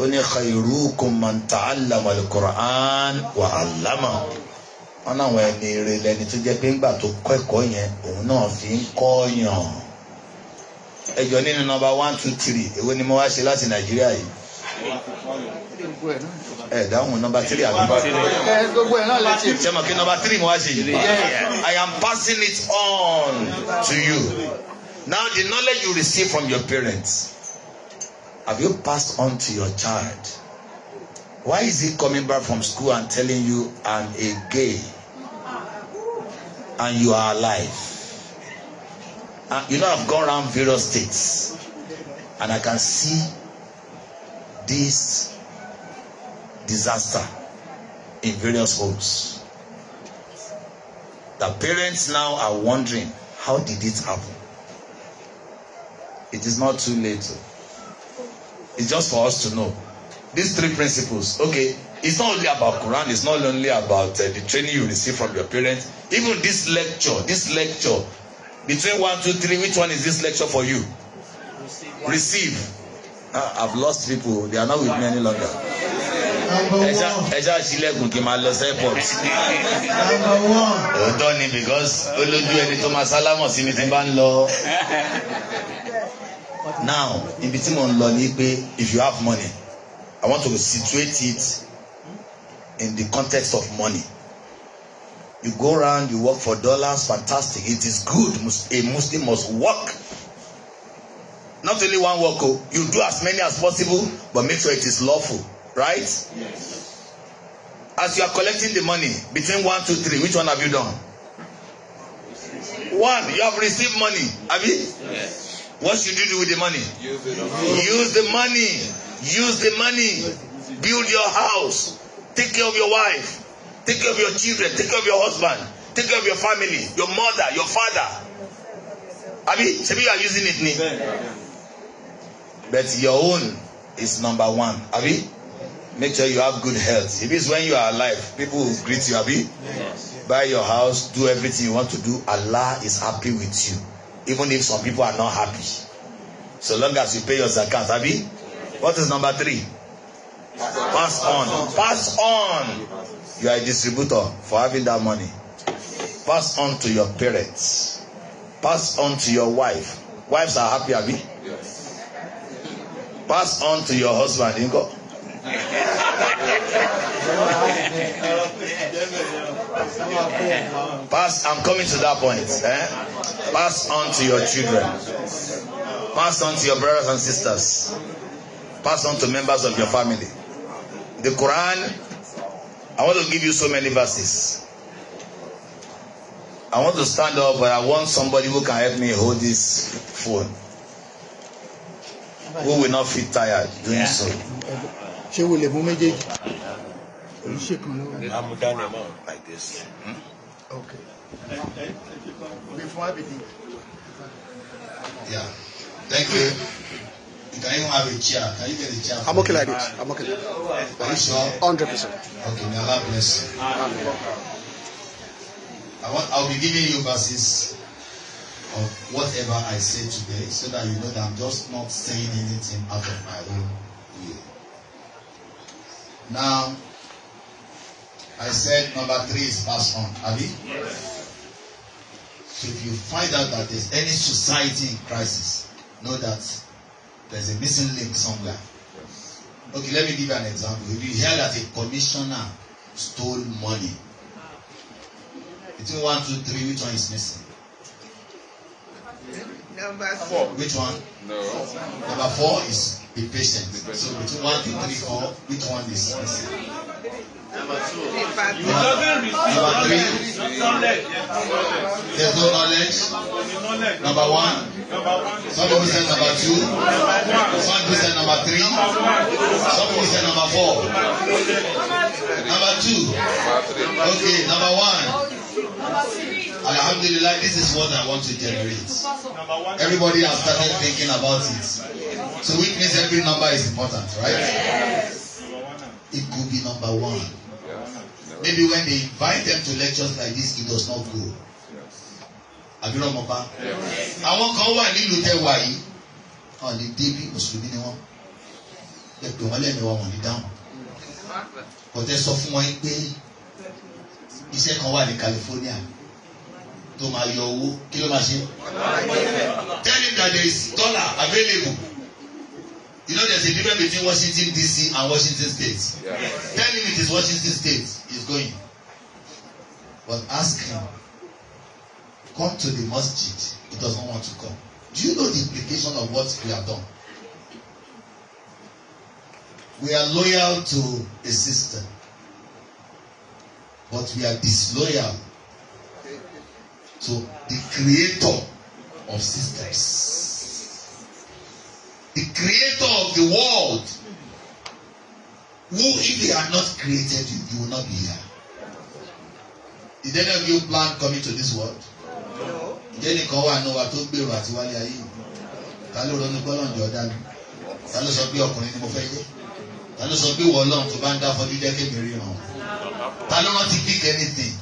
ó ní khairukum man ta'allama al wa 'allama wọ́n náwọn ẹni rè lẹni tó jẹ́ pé ńgbà tó kọ́ ẹ̀kọ́ yẹn òun náà fi ń kọ́ yàn ẹjọ nínú nọ́mbà one two three èwo ni mo wá ṣe láti Nàìjíríà yìí ẹ dáhùn nọ́mbà three àbí. ṣe. ṣé kí nọ́mbà three mo wá ṣe yìí. I am passing it on to you. Now, the knowledge you receive from your parents, have you passed on to your child? Why is he coming back from school and telling you, I'm a gay and you are alive? And ah, you know, I've gone around various states and I can see this disaster in various homes. The parents now are wondering, how did it happen? It is not too late. It's just for us to know. These three principles, okay, it's not only about Quran, it's not only about uh, the training you receive from your parents. Even this lecture, this lecture, between one, two, three, which one is this lecture for you? Receive. receive. Uh, ah, I've lost people. They are not with me any longer. ẹja ẹja ṣílẹ̀kùn kí máa lọ sí airport. òótọ́ ni because olójú ẹni tó máa sálámọ̀ sí mi ti bá ń lọ now ibi tí mo ń lọ ni pé if you have money I want to situate it in the context of money you go round you work for dollars fantastic it is good a Muslim must work not only one work o oh, you do as many as possible but make sure it is lawful right yes. as you are collecting the money between one two three which one have you done one you have received money have you? yes. What should you do with the money? Use the money. Use the money. Build your house. Take care of your wife. Take care of your children. Take care of your husband. Take care of your family. Your mother. Your father. Abi, ṣebí you are using it ni. But your own is number one. Abi, make sure you have good health. If it's when you are alive, people will greet you. Abi, yes. buy your house, do everything you want to do. Allah is happy with you even if some people are not happy. So long as you pay your zakat, Abi. What is number three? Pass on. Pass on. You are a distributor for having that money. Pass on to your parents. Pass on to your wife. Wives are happy, Abi. Pass on to your husband, Ingo. Pass, I'm coming to that point. Eh? Pass on to your children. Pass on to your brothers and sisters. Pass on to members of your family. The Quran, I want to give you so many verses. I want to stand up, but I want somebody who can help me hold this phone. Who will not feel tired doing so ṣé wo lè mú méjèèjì èyí ṣe kan lọ́wọ́. àmú dání ẹ̀ máa like this. ok before I begin. yeah thank you. can you have a chair. Can you get a chair? I'm okay like it. I'm okay. Are you sure? Hundred percent. Okay, may Allah bless you. I want, I'll be giving you verses of whatever I say today so that you know that I'm just not saying anything out of my own Now, I said number three is passed on. Have you? Yes. So if you find out that there's any society in crisis, know that there's a missing link somewhere. Okay, let me give you an example. If you hear that a commissioner stole money, between one, two, three, which one is missing? Number four. Which one? No. Number four is be patient. So between one to three, four, which one is this? Number two, you doesn't receive knowledge. There's no knowledge. Number one. Some people say number two. Some people say number three. Some people say number four. Number two. Okay, number one. Alhamdulillah, this is what I want to generate. Everybody has started thinking about it. So which means every number is important, right? Yes. It could be number one. Maybe when they invite them to lectures like this, it does not go. Àbí lọ́mọ bá. Àwọn kan wà nílùú tẹ́wà yìí. Àwọn ní débí Mùsùlùmí ni wọ́n. Ẹ pè wọ́n lẹ́nu wọn wọ̀n ní dáhùn. Ọ̀tẹ́ sọ fún wọn pé iṣẹ́ kan wà ní California tó máa yọ owó kí ló máa ṣe. Tell him that there is dollar available. You know there's a difference between Washington DC and Washington State. Yeah. Tell him it is Washington State. He's going. But ask him, come to the masjid. He doesn't want to come. Do you know the implication of what we have done? We are loyal to a system, but we are disloyal to the creator of systems the creator of the world, who if He had not created, you, you would not be here. Did any of you plan coming to this world? Ǹjẹ́ nìkan wà ní wa tó gbèrò àti wálé ayé? Ta ló ronú gbọ́dọ̀ ní ọ̀dà mi? Ta ló sọ pé ọkùnrin ni mo fẹ́ jẹ́? Ta ló sọ pé ìwọ ọlọ́run tó bá ń dá fọ́jú jẹ́ kémi rí ràn? Ta ló rántí pick anything?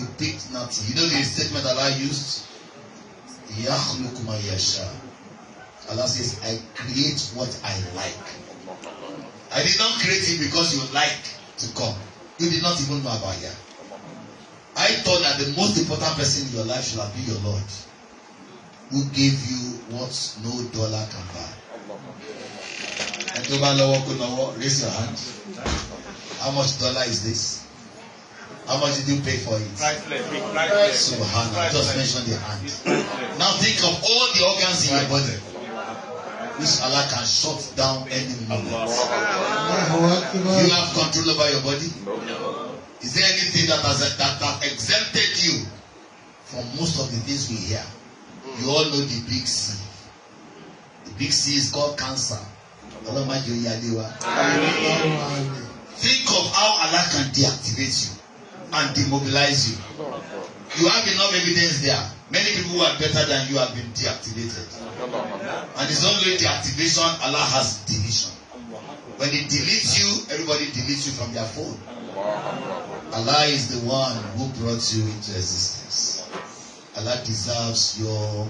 You pick nothing. You know the statement that I used? Ìyá àkọlùkùmọ̀ yẹ̀ Allah says, I create what I like. I did not create it because you like to come. You did not even know about Yah. I thought that the most important person in your life should be your Lord, who gave you what no dollar can buy. Ẹni tó bá lọ́wọ́ kó lọ́wọ́, raise your hand. How much dollar is this? How much did you pay for it? Subhanallah, just mention the hand. Now think of all the organs in your body which Allah can shut down any movement. You have control over your body? Is there anything that has that has exempted you from most of the things we hear? You all know the big C. The big C is called cancer. Think of how Allah can deactivate you and demobilize you. You have enough evidence there. Many people who are better than you have been deactivated. And it's only deactivation Allah has deletion. When He deletes you, everybody deletes you from their phone. Allah is the one who brought you into existence. Allah deserves your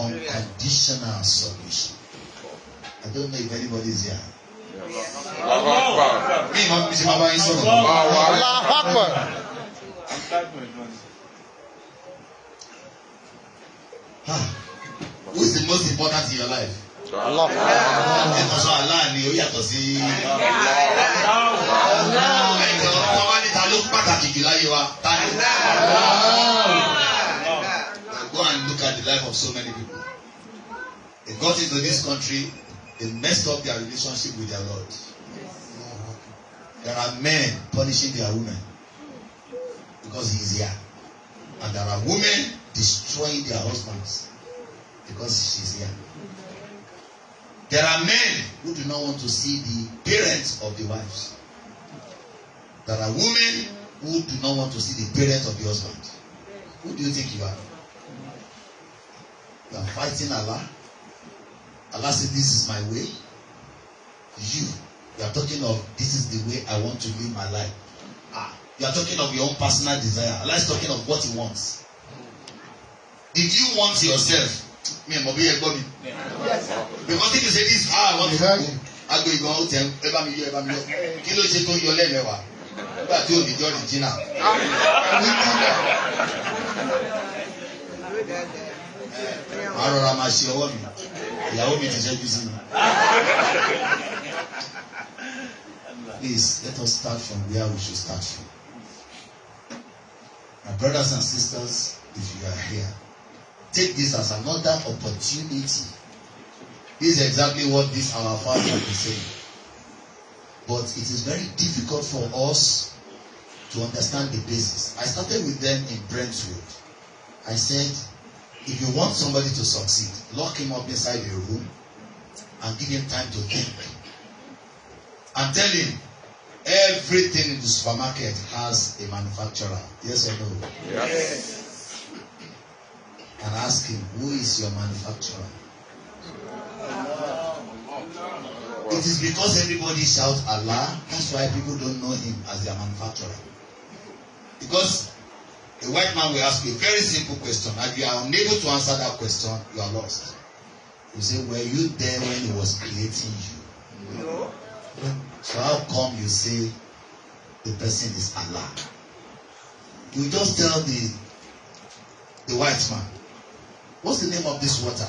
unconditional submission. I don't know if anybody's here. Allah Akbar. who is the most important in your life. ẹ̀kọ́ sọ aláàní ó yàtọ̀ sí. ẹ̀kọ́ tọ́wá níta ló pàtàkì jù láyé wa ta ni. go and look at the life of so many people. They got into this country, they messed up their relationship with their Lord. There are men punishing their women because he is here. And there are women destroying their husbands because she's here. There are men who do not want to see the parents of the wives. There are women who do not want to see the parents of the husband. Who do you think you are? You are fighting Allah. Allah said, This is my way. You, you are talking of this is the way I want to live my life. Ah, you are talking of your own personal desire. Allah is talking of what He wants. Did you want yourself? Mi ò mọ̀ bí Because if you say this, ah, I want to go. Agbo ìgbọ̀n ó tẹ ẹ bá mi yọ ẹ bá mi yọ. Kí ló ṣe tó ń yọ lẹ́ẹ̀mẹ́wàá? Nígbà tí ò ní jọ́ rìjìnà. Màá rọra máa ṣe ọwọ́ mi. Ìyàwó mi ti ṣẹ́jú sí mi. Please, let us start from where we should start from. My brothers and sisters, if you are here, Take this as another opportunity. This is exactly what this our father is saying. But it is very difficult for us to understand the basis. I started with them in Brentwood. I said, if you want somebody to succeed, lock him up inside a room and give him time to think. And tell him, everything in the supermarket has a manufacturer. Yes or no? yes and ask him, Who is your manufacturer? It is because everybody shouts Allah, that's why people don't know him as their manufacturer. Because a white man will ask you a very simple question, and you are unable to answer that question, you are lost. You say, Were you there when he was creating you? No. So how come you say the person is Allah? You just tell the the white man What's the name of this water?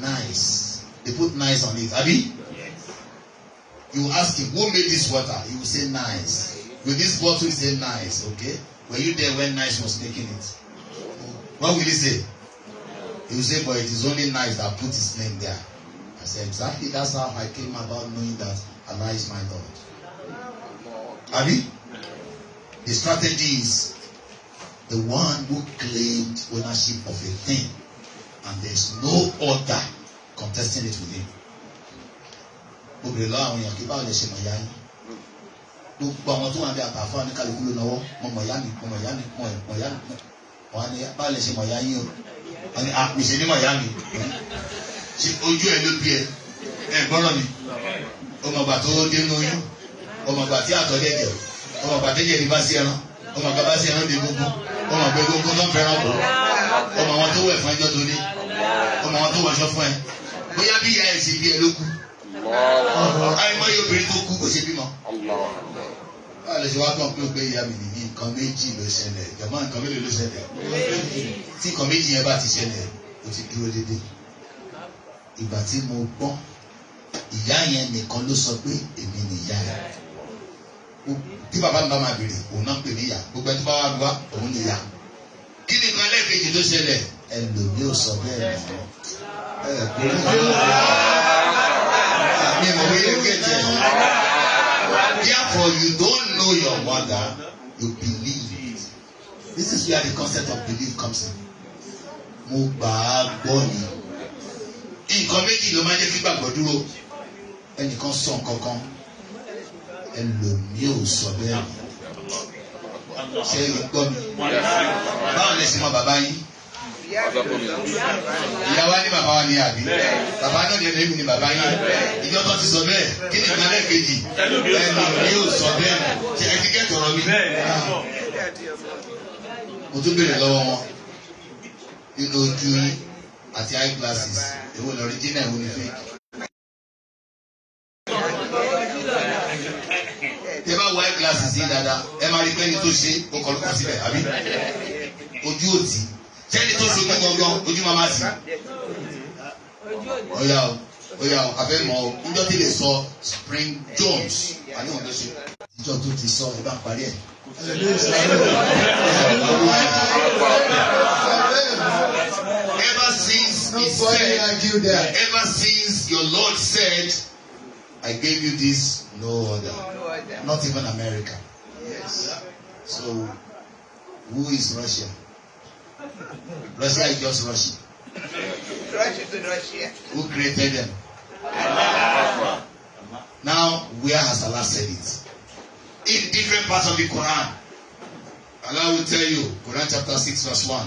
Nice. They put nice on it. Abi? Yes. You ask him, who made this water? He will say nice. With this bottle, he say nice. Okay? Were you there when nice was making it? What will he say? He will say, but it is only nice that put his name there. I said, exactly that's how I came about knowing that Allah is my Lord. Abi? The strategy is the one who claimed ownership of a thing, and there is no other contesting it with him. Obìnrin lọ àwọn èèyàn kí báwo lè ṣe mọ̀ ìyá yín. Gbogbo àwọn tó wà ní àbáfáà ní kálukú ló náwó mọ mọ̀ ìyá mi mọ mọ̀ ìyá mi mọ mọ̀ ìyá mi wà ní báwo lè ṣe mọ̀ yín o. Wọ́n ní àpèsè ní mọ̀ ìyá mi. Ṣé ojú ẹ̀ ló bí ẹ? Ẹ gbọ́dọ̀ mi. Ọmọọba tó dé ní oyún. Ọmọọba tí àtọ́jẹ́ jẹ. Ọmọọba tẹ́jẹ́ ní bá sí ẹran. Ọmọọba bá sí ẹran dé gbogbo ọmọ àgbẹ̀ gbogbo náà fẹ́ràn kó ọmọ àwọn tó wẹ̀ fún ẹjọ́ tó ní ọmọ àwọn tó wọṣọ fún ẹ bóyá bí ìyá ẹ̀ bí ẹ ló kú àìmọye obìnrin tó kú kò ṣe bímọ. báyọ̀ ṣe wá kàn pé ó pé ìyá mi nìyí nǹkan méjì ló ṣẹlẹ̀ jọ̀mọ́ nǹkan méjì ló ṣẹlẹ̀ tí nǹkan méjì yẹn bá ti ṣẹlẹ̀ ó ti dúró déédéé ìgbà tí mo gbọ́ ìyá yẹn nìkan ló sọ pé èmi nìyá yẹn tí bàbá mi bá máa bèrè òun náà pè ní gbogbo ẹni tó wá òun ni kí ni nǹkan ẹlẹ́ẹ̀kejì tó ṣẹlẹ̀ ẹlòmí ò sọ bẹ́ẹ̀ mọ́ ẹ kò ní bí wọ́n mi ò wí lẹ́kẹ̀jẹ̀ therefore you don't know your mother you believe this is where the concept of belief comes in mo gbà á gbọ́ yìí nǹkan méjì ló máa ń jẹ́ kí gbàgbọ́ dúró ẹnìkan sọ nǹkan kan ẹlòmíì ò sọ bẹ́ẹ̀ ṣe é gbọ́ mi báwo lè ṣe mọ bàbá yín ìyá ní bàbá wa ní àbí bàbá náà ní ẹlẹ́yìn ní bàbá yín ìjọ tó ti sọ bẹ́ẹ̀ kí ni ìgbàlẹ̀ kejì ẹlòmíì ò sọ bẹ́ẹ̀ ṣe ẹ ọ̀rọ̀ mi mo tún béèrè lọ́wọ́ wọn nínú ojú àti eye glasses èwo ni original èwo ni fake. sí dáadáa ẹ máa rí pé ẹni tó ṣe kó kọ lóko síbẹ̀ àbí ojú òtí sẹ́ni tó ṣe gbọ́ngàn ojú máa máa sì. ọ̀yà o ọ̀yà o àfẹ́ mọ̀ o níjọ́ tí lè sọ Spring Jones àníwọ̀n tó ṣe. ìjọ tó ti sọ ẹ bá parí ẹ. Ever since he said, ever since your Lord said, I gave you this, no other. Not even America. Yes. So, who is Russia? Russia is just Russia. Russia is Russia. Who created them? Now, where has Allah said it? In different parts of the Quran. Allah will tell you, Quran chapter 6, verse 1.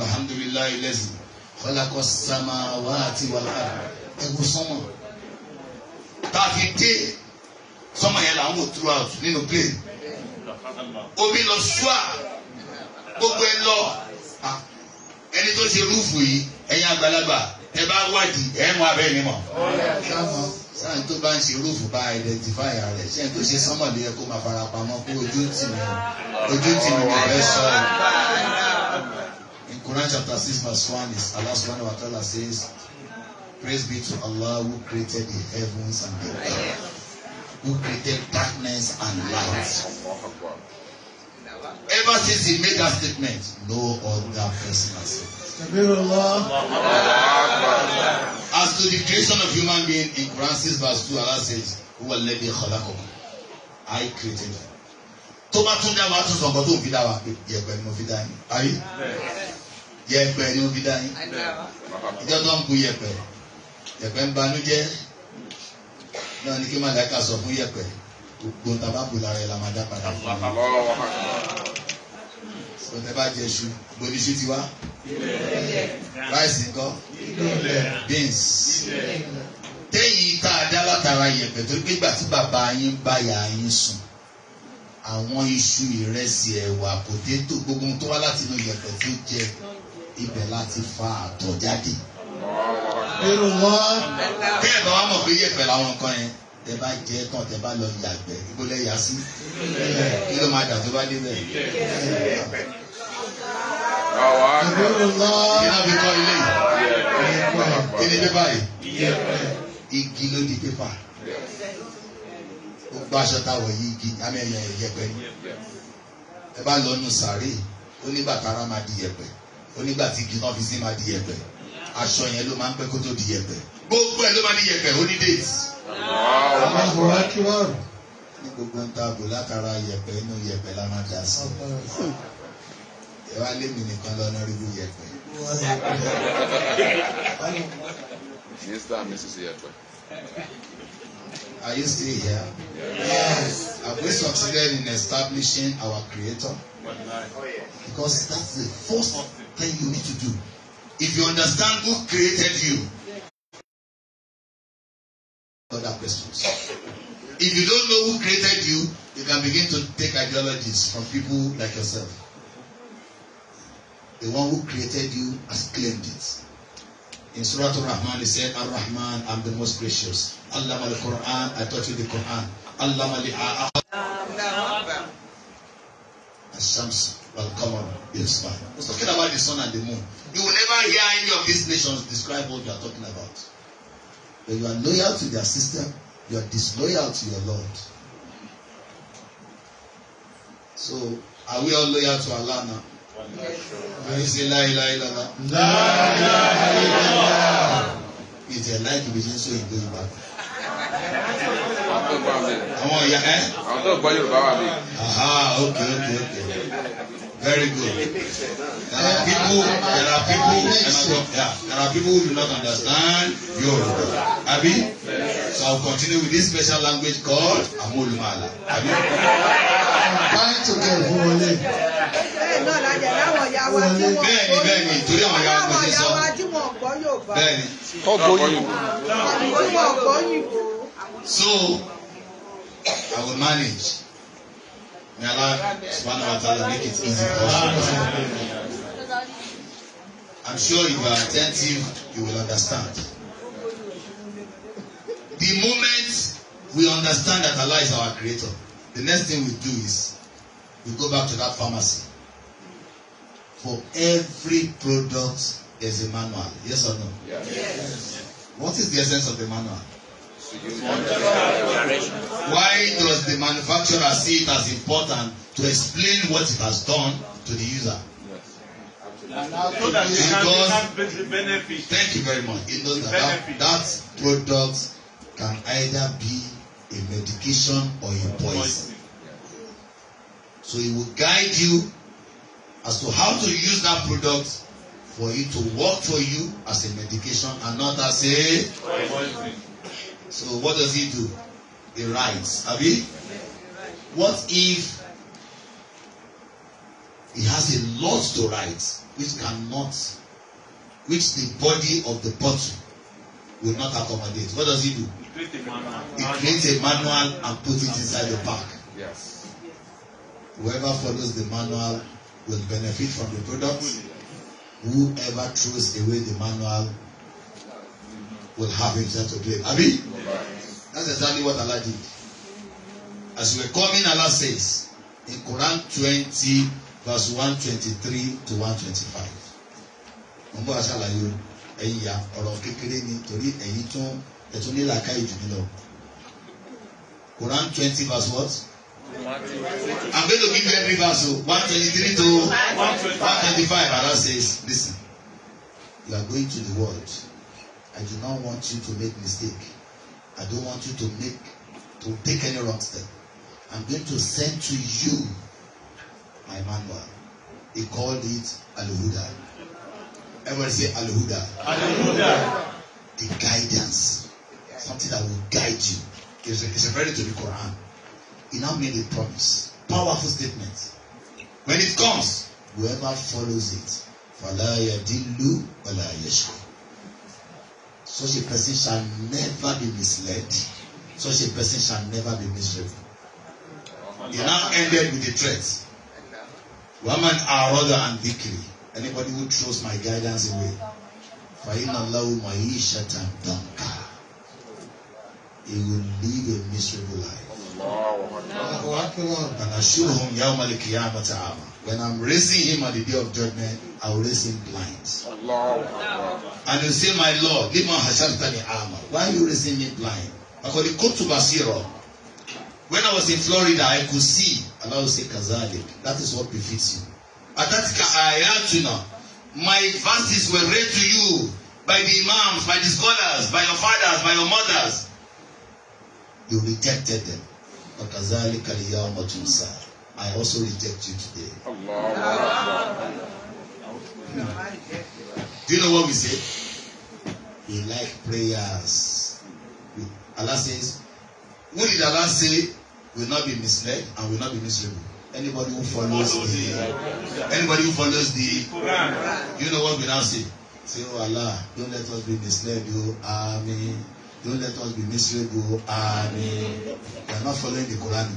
Alhamdulillah, lazi. خلق السماوات والأرض. Ẹ wo sọ́mọ̀ sọmọ yẹn làwọn wò throughout nínú plane omi lọ ṣúà gbogbo ẹ lọ ẹni tó ṣe rúùfù yìí ẹ̀yin àgbàlagbà ẹ bá wádìí ẹ mọ abẹ́ ni mọ̀. sáyẹn tó bá ń ṣe rúùfù bá identify rẹ̀ sẹ́yìn tó ṣe sánmọ̀lẹ́ yẹ kó máa fara pamọ́ pé ojú tì mí ojú tì mí ẹ sọ ẹ. In Quran chapter six verse one is Allah subhanahu wa ta'ala says, Praise be to Allah who created the heavens and the earth who created darkness and light. Ever since he made that statement, no other person has it. As to the creation of human being in Quran 6 verse 2, Allah says, Who will let me I created them." Tó bá tún dá wa tún sọ̀kọ́ tó fi dá wa pé yẹ̀pẹ̀ ni mo fi dá yín. Ayé yẹ̀pẹ̀ ni mo fi dá yín. Ìjọ ń bu yẹ̀pẹ̀, yẹ̀pẹ̀ ń banú jẹ́ náà ni kí màláìka sọ fún yẹ̀pẹ̀ gbogbo tababu lára ẹ̀ la máa dá padà. sọtẹ bá jẹ iṣu gbòdìṣí ti wá ráìsì ńkọ́ beans téyì tá a dá látara yẹ̀pẹ̀ tó gbégbà tí bàbá yín bá yà yín sùn àwọn iṣu ìrẹsì ẹ̀wà potato gbogbo tó wá látinú yẹ̀pẹ̀ tó jẹ ibẹ̀ láti fa àtọ̀ jáde irun wọn. tẹ́ ẹ bá wà mọ̀ pé yẹ̀pẹ̀ làwọn nǹkan yẹn tẹ́ bá jẹ tán tẹ́ bá lọ yàgbẹ́ ibo lẹ yà sí kí ló máa dà tó bá débẹ̀. ìgbóhùn lọ. ìyá mi kọ́ ilé kí ni pépà yìí. igi ló di pépà gbogbo aṣọ táwọn yìí igi àmì ẹ̀yà ìyẹ̀pẹ̀ ni ẹ bá lọ nù sàárè onígbà tára máa di yẹ̀pẹ̀ onígbà tí igi náà fi sí máa di yẹ̀pẹ̀ aṣọ yẹn ló máa ń pẹ́ kó tó di yẹ̀pẹ̀ gbogbo ẹ̀ ló máa di yẹ̀pẹ̀ ó ní déètì. aláwọ̀ akíwárù ní gbogbo ń ta bò látara yẹ̀pẹ̀ inú yẹ̀pẹ̀ la máa dà sí ẹ wá lé mi nìkan lọ́nà rí bú yẹ̀pẹ̀. Are you still here? Yes. Have we succeeded in establishing our creator? Because that's the first thing you need to do. If you understand who created you, other questions. If you don't know who created you, you can begin to take ideologies from people like yourself. The one who created you has claimed it. In Surah Al-Rahman, he said, Al-Rahman, I'm the most gracious. Allah al-Quran, I taught you the Quran. Allah al-A'am. Al-Shams wal-Qamar, yes, He's talking about the sun and the moon. You will never hear any of these nations describe what you are talking about. When you are loyal to their system, you are disloyal to your Lord. So, are we all loyal to Allah now? Can you say La ilaha illallah? La ilaha illallah. If they like to be so in going back. Àwọn ìyá ẹ́. Àwọn tó gbọ́ Yorùbá wà bí. Aha, okay, okay, okay. Very good. There are people, there are people, yeah, there are people who do not understand Yoruba. Abi? So I'll continue with this special language called Amolumala. Abi? Combine together, Wole. Bẹ́ẹ̀ni bẹ́ẹ̀ni torí àwọn ìyá ọmọ ṣe sọ. Bẹ́ẹ̀ni. Tọ́gbọ́ yìí. So I will manage. May Allah make it easy for us. I'm sure if you are attentive, you will understand. The moment we understand that Allah is our creator, the next thing we do is we go back to that pharmacy. For every product, there's a manual. Yes or no? Yes. What is the essence of the manual? Why does the manufacturer see it as important to explain what it has done to the user? Yes. Because, thank you very much. It knows that, that that product can either be a medication or a poison. So it will guide you as to how to use that product for it to work for you as a medication and not as a poison. So what does he do? He writes. Abi? What if he has a lot to write which cannot, which the body of the bottle will not accommodate? What does he do? He creates a manual and puts it inside the bag. Yes. Whoever follows the manual will benefit from the product. Whoever throws away the manual will have himself to blame. Abi? That's exactly what Allah did. As we're coming, Allah says in Quran 20, verse 123 to 125. Quran 20 verse what? I'm going to give you every verse 123 to 125. Allah says, listen, you are going to the world. I do not want you to make mistake. I don't want you to make to take any wrong step. I'm going to send to you my manual. He called it Al-Huda. Everybody say Al-Huda. Al-Huda. The guidance. Something that will guide you. It's, it's very to the Quran. He now made a promise. Powerful statement. When it comes, whoever follows it, فَلَا يَدِلُّ وَلَا يَشْكُ Such a person shall never be misled. Such a person shall never be miserable. He now ended with the threat. Woman are rather and victory. Anybody who throws my guidance away. Fa'inallahu ma'ishatan danka. He will live a miserable life. And I show him yawmal qiyamah ta'ama. When I'm raising him at the day of judgment, I'll raise him blind. And you say, My Lord, give Lima Hashabitani armor." Why are you raising me blind? According to Basira, when I was in Florida, I could see. Allah will say, Kazali. That is what befits you. Atatika ayatuna. My verses were read to you by the imams, by the scholars, by your fathers, by your mothers. You rejected them. But وكذلك اليوم تنسى I also reject you today. Do you know what we say? He like prayers. Allah says, who did Allah say will not be misled and will not be miserable? Anybody who follows the anybody who follows the You know what we now say? Say, oh Allah, don't let us be misled, you oh, Amen. Don't let us be miserable, oh, Amen. We are not following the Quran.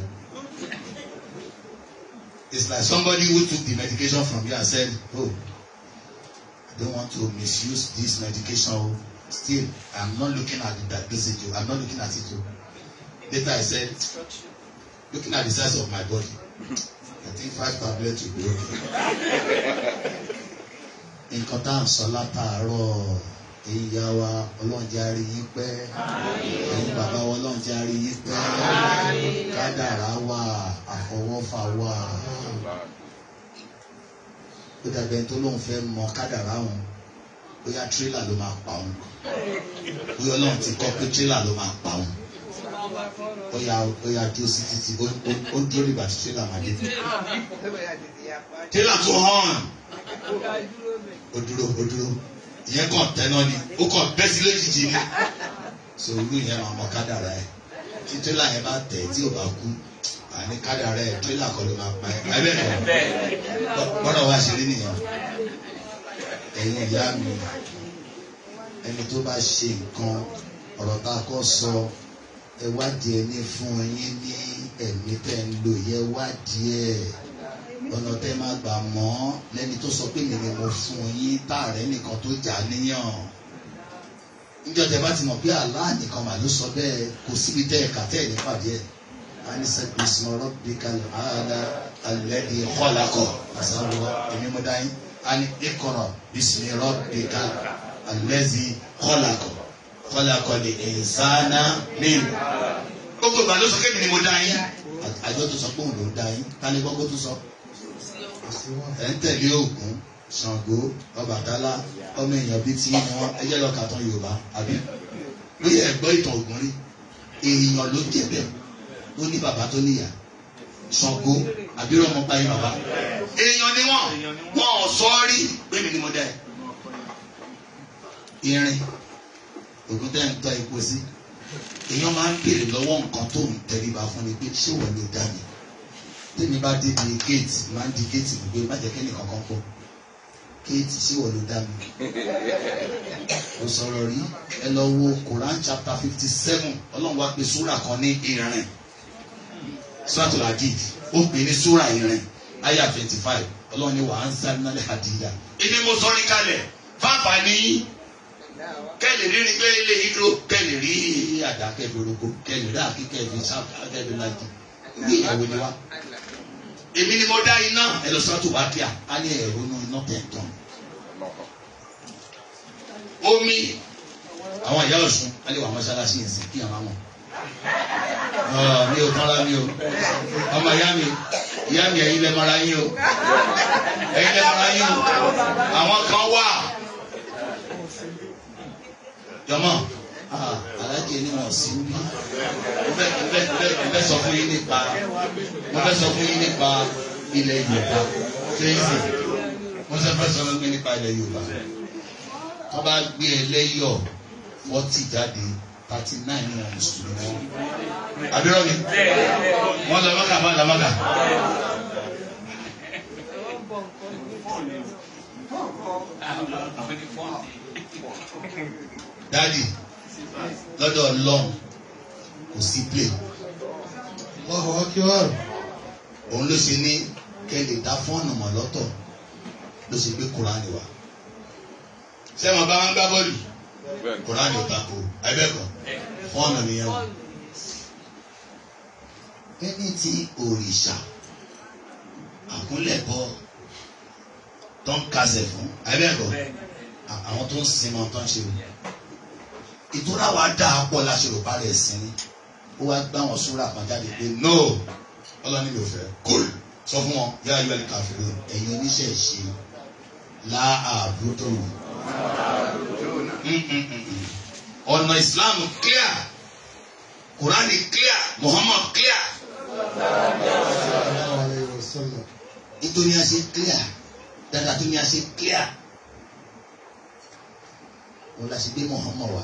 It's like somebody who took the medication from you and said, Oh, I don't want to misuse this medication. Oh. Still, I'm not looking at the dosage. Oh. I'm not looking at it. Oh. Later, I said, Looking at the size of my body, I think five tablets will be okay. Nǹkan tá à ẹ̀yin ìyá wa ọlọ́run jẹ́ àárí yín pẹ́ ẹ̀yin bàbá wa ọlọ́run jẹ́ àárí yín pẹ́ kádàrá wa àfọwọ́fà wa ó dàbí ẹni tó lóun fẹ́ mọ kádàrá òun bóyá tírélà ló máa pa òun bóyá ọlọ́run ti kọ́ pé tírélà ló máa pa òun bóyá bóyá dúró sí títí ó dúró nígbà tí tírélà máa dé. tírélà tó hàn ó dúró ó dúró ìyẹn kàn tẹ́ná ni ó kàn bẹ́ sí lójijì ni so irú yẹn máa mọ kádàrá ẹ tí tírélà yẹn bá tẹ̀ tí ò bá kú àní kádàrá ẹ tírélà kan ló máa pa ẹ ẹ bẹ́ẹ̀ bọ́dọ̀ wá ṣeré nìyẹn ẹ̀yin ìyá mi ẹni tó bá ṣe nǹkan ọ̀rọ̀ tá a kọ́ sọ ẹ wádìí ẹni fún ẹyin ní ẹ̀mí tẹ́ ń lò yẹ wádìí ẹ̀ ọ̀nà tẹ́ máa gbà mọ́ lẹ́ni tó sọ pé mèmi mo fún yín táàrẹ́ nìkan tó jà níyàn níjọ́ tẹ́ bá ti mọ̀ pé Allah nìkan mà ló sọ bẹ́ẹ̀ kò síbi tẹ́ ẹ̀ka tẹ́ ẹ̀ nípàdé ẹ̀ anisa bismi rabbikal ala alladhi khalaqa àsàlùwà èmi mo dá yín ani ikra bismi rabbikal alladhi khalaqa khalaqa li insana min. gbogbo ìgbà ló sọ kébì ni mo dá yín àjọ tó sọ pé òun ló dá yín ta ni gbogbo tó sọ ẹ̀ ń tẹ̀lé Ògún Ṣàngó Ọbàtálá ọmọ èèyàn bíi ti wọn ẹjẹ́ lọ kàtọ́ Yorùbá àbí ó yẹ gbọ́ ìtàn Ògún rí èèyàn ló jẹ bẹ́ẹ̀ ó ní bàbá tó níyà Ṣàngó àbí ọmọ báyìí bàbá èèyàn ni wọn wọn ò sọ rí pé mi ni mo dẹ irin Ògún tẹ́ ń tọ́ epo sí èèyàn máa ń béèrè lọ́wọ́ nǹkan tó ń tẹríba fún ni pé ṣé wọ́n ló dá mi tèmi bá dé di géètì máa ń di géètì gbogbo má jẹ́ kẹ́ni kankan pọ̀ géètì sí wọ̀ ló dá mi. kò sọ̀rọ̀ rí ẹ lọ wo Quran chapter fifty seven ọlọ́run wá pé súrà kan ní irin suratul Hadid ó pè ní súrà irin aya twenty five ọlọ́run ní wà á ń sáré nálẹ̀ àdìyà. ìní mo sọ ní kalẹ̀ fáfà ní kẹ́lì rí ni pé ilé ìdúró kẹ́lì rí àdá kẹ́lì orógbó kẹ́lì rí àkíkẹ́ ìdí sáfà kẹ́lì lájú ní ìyàwó ni wá èmi ni mo dá iná ẹ lọ sọ́tò wá bíà á ní ẹ̀rọ inú iná tẹ̀tàn omi àwọn ìyá ọ̀sùn á lè wà mọ́ṣáláṣí yẹn sí kí àwọn àwọn mi ò tán lámi o ọmọ ìyá mi ìyá mi ẹ̀yin lẹ mara yín o ẹ̀yin lẹ mara yín o àwọn kan wà jọmọ alájẹ ni wọn sì ń bí mo fẹ́ sọ fún yín nípa mo fẹ́ sọ fún yín nípa ilẹ̀ Yorùbá fẹ́ẹ́sì mo fẹ́ fẹ́ sọ fún yín nípa ilẹ̀ Yorùbá tó bá gbé ẹlẹ́yọ̀ fọ́tì jáde thirty nine ní ọmọ mùsùlùmí wọn àbúrò mi wọn lọ mọ́kà wọn lọ mọ́kà. Daddy lọ́dọ̀ Ọlọ́run kò sí play wọ́n fọwọ́ kí wọ́n rò òun ló ṣe ní kẹ́ lè dá fọ́ọ̀nù mọ̀ lọ́tọ̀ ló ṣe gbé Kùránì wá sẹ́wọ̀n bá wọn gbá bọ́ọ̀lù Kùránì ò tako ẹgbẹ́kọ̀ fọ́ọ̀nù nìyẹn o ẹni tí òrìṣà àkúnlẹ̀kọ́ tó ń kasẹ̀ fún ẹgbẹ́kọ̀ àwọn tó ń sinmi tó ń ṣe ìtura wa dá a pọ̀ la ṣe rò bá rẹ̀ sí ni ó wá gbá wọn súra kan jáde pé no ọlọ́ni mi ò fẹ́ kúl sọ fún wọn yára yọ ẹni kàfíìrì ẹ̀yin oníṣẹ́ ṣe láàbùdó ọ̀nà Islam clear Quran clear Muhammad clear nítorí a ṣe clear dáadáa tó ní a ṣe clear wọn la ṣe gbé Muhammad wa.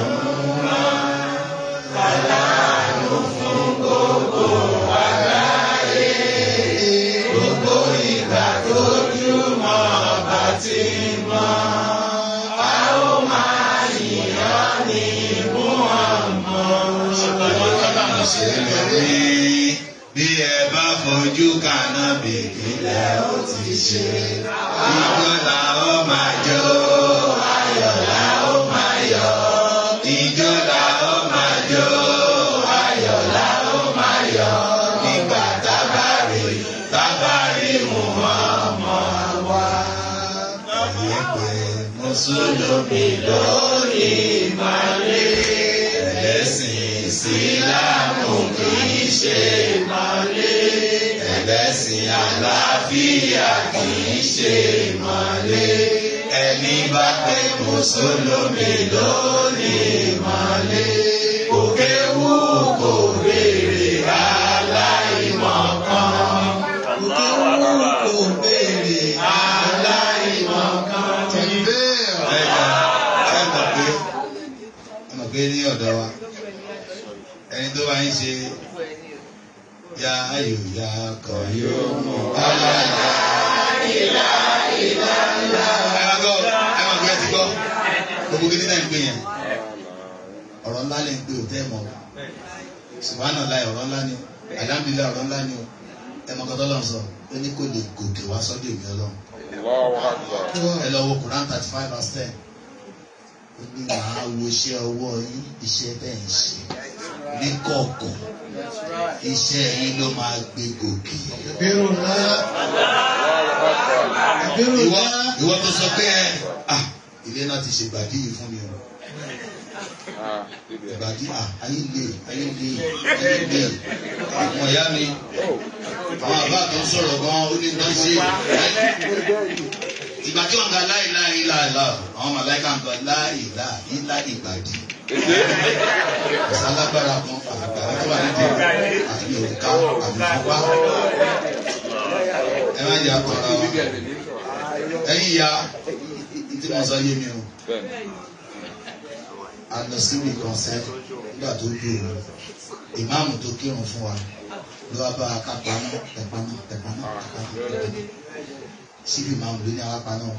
ojú kaná bèbí lẹ ó ti ṣe ìjọ la ó máa jó ayọ̀ la ó máa yọ̀ ìjọ la ó máa jó ayọ̀ la ó máa yọ̀ nígbà tábàrí tábàrí mú ọmọ wa àgbègbè mùsùlùmí lórí ìmàlẹ́ ẹ̀sìn ìsìlámù kì í ṣe ìmàlẹ́ ẹlẹ́sìn àlàáfíà kì í ṣe ìmọ̀lẹ̀ ẹni bá pé mùsùlùmí ló ní ìmọ̀lẹ̀ òkè wú kò béèrè aláìmọ̀ kan òkè wú kò béèrè aláìmọ̀ kan tẹ̀lé mọ̀ pé ní ọ̀dọ̀ wa ẹni tó bá ń ṣe. ayo ya Qayyum Allah la ilaha illallah. Ẹ máa gbọ́ Ọ̀rọ̀ ńlá lè ń gbé òtẹ́ mọ̀. Subhanallah ọ̀rọ̀ ńlá ni Alhamdulillah ọ̀rọ̀ ńlá ni ala Ẹ máa gbọ́dọ̀ sọ ó ní kò lè gòkè wá sọ́dọ̀ èmi ọlọ́run. Ẹ lọ wo Quran thirty five verse Ó ní màá wo iṣẹ́ ọwọ́ yín iṣẹ́ bẹ́ẹ̀ ń ṣe. ní kọ̀ọ̀kan iṣẹ́ yín ló máa gbé gòkè. ìbírò ńlá ìbírò ńlá ìwọ tó sọ pé ẹ ah, ah, ilé náà ti ṣe gbàdí yìí fún mi o ìbàdí ah, ayé le ayé le ayé le àwọn ìyá mi àwọn àbá kan sọ̀rọ̀ gan ó ní nǹkan ṣe ìgbà tí wọn ga láìláìláìlá àwọn màláìka ń gba láìláìlá ìgbàdí alágbára kan àgbàrá tó wà nídìí àmì òǹkà àmì ìfúnpá ẹ má yà kọ́ra ẹ̀yìn ya tí mo sọ yé mi o a lọ síbi ìkànsẹ́ nígbà tó dé o ìmáàmù tó kírun fún wa ló wá bá akápá náà ẹ̀pá náà ẹ̀pá náà ẹ̀pá náà ẹ̀pá náà síbi ìmáàmù ló ní akápá náà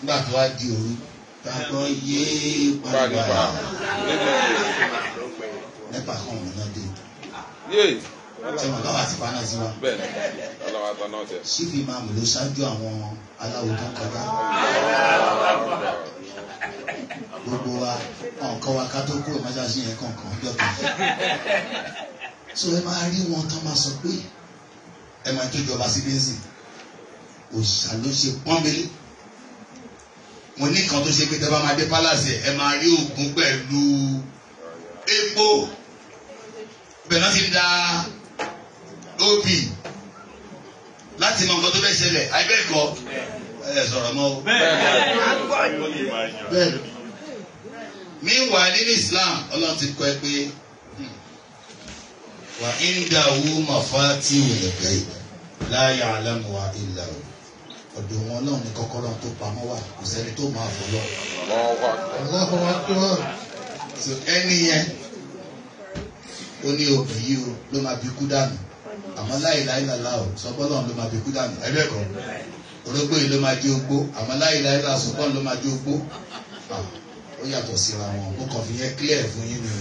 nígbà tó wá di òru gbàgbọ́ yé gbàgbà nípa kan òun náà dé tẹ̀wọ̀n bá wa ti paná sí wa sífì máàmù ló ṣáájú àwọn aláwo tó ń kọjá gbogbo wa ọ̀nkọ́ wa ká tó kúrò májáṣí yẹn kọ̀ọ̀kan ọjọ́ kan so ẹ máa rí wọn tán máa sọ pé ẹ máa tó ìjọba sí bẹ́ńsì òṣìṣà ló ṣe pọ́nbélé mo ní kan tó ṣe pé tẹ́ bá máa dé palace ẹ máa rí ògùn pẹ̀lú epo bẹ́ẹ̀ náà ti da obì láti mọ nǹkan tó fẹ́ ṣẹlẹ̀ àìbẹ́ẹ̀kọ́ ẹ sọ̀rọ̀ mọ́ o. bẹ́ẹ̀ nínú Islam ọlọ́run ti kọ́ ẹ pé wà ń dàwó màfá tí ò lè láyà alámùwà ìlà òun ọ̀dọ̀ wọn náà ní kọ́kọ́rọ́ tó pamọ́ wà kò sẹ́ni tó máa bọ̀ lọ. ọlọ́run wá pé wọ́n so ẹni yẹn ó ní obì yìí o ló máa bí kú dànù àmọ́ láìláì làlá o sọpọ́lọ́ ló máa bí kú dànù ẹ̀bẹ̀ kan orógbó yìí ló máa di ogbó àmọ́ láìláì làlá sọpọ́lọ́ ló máa di ogbó ó yàtọ̀ síra wọn mo kàn fi yẹn clear fún yín ni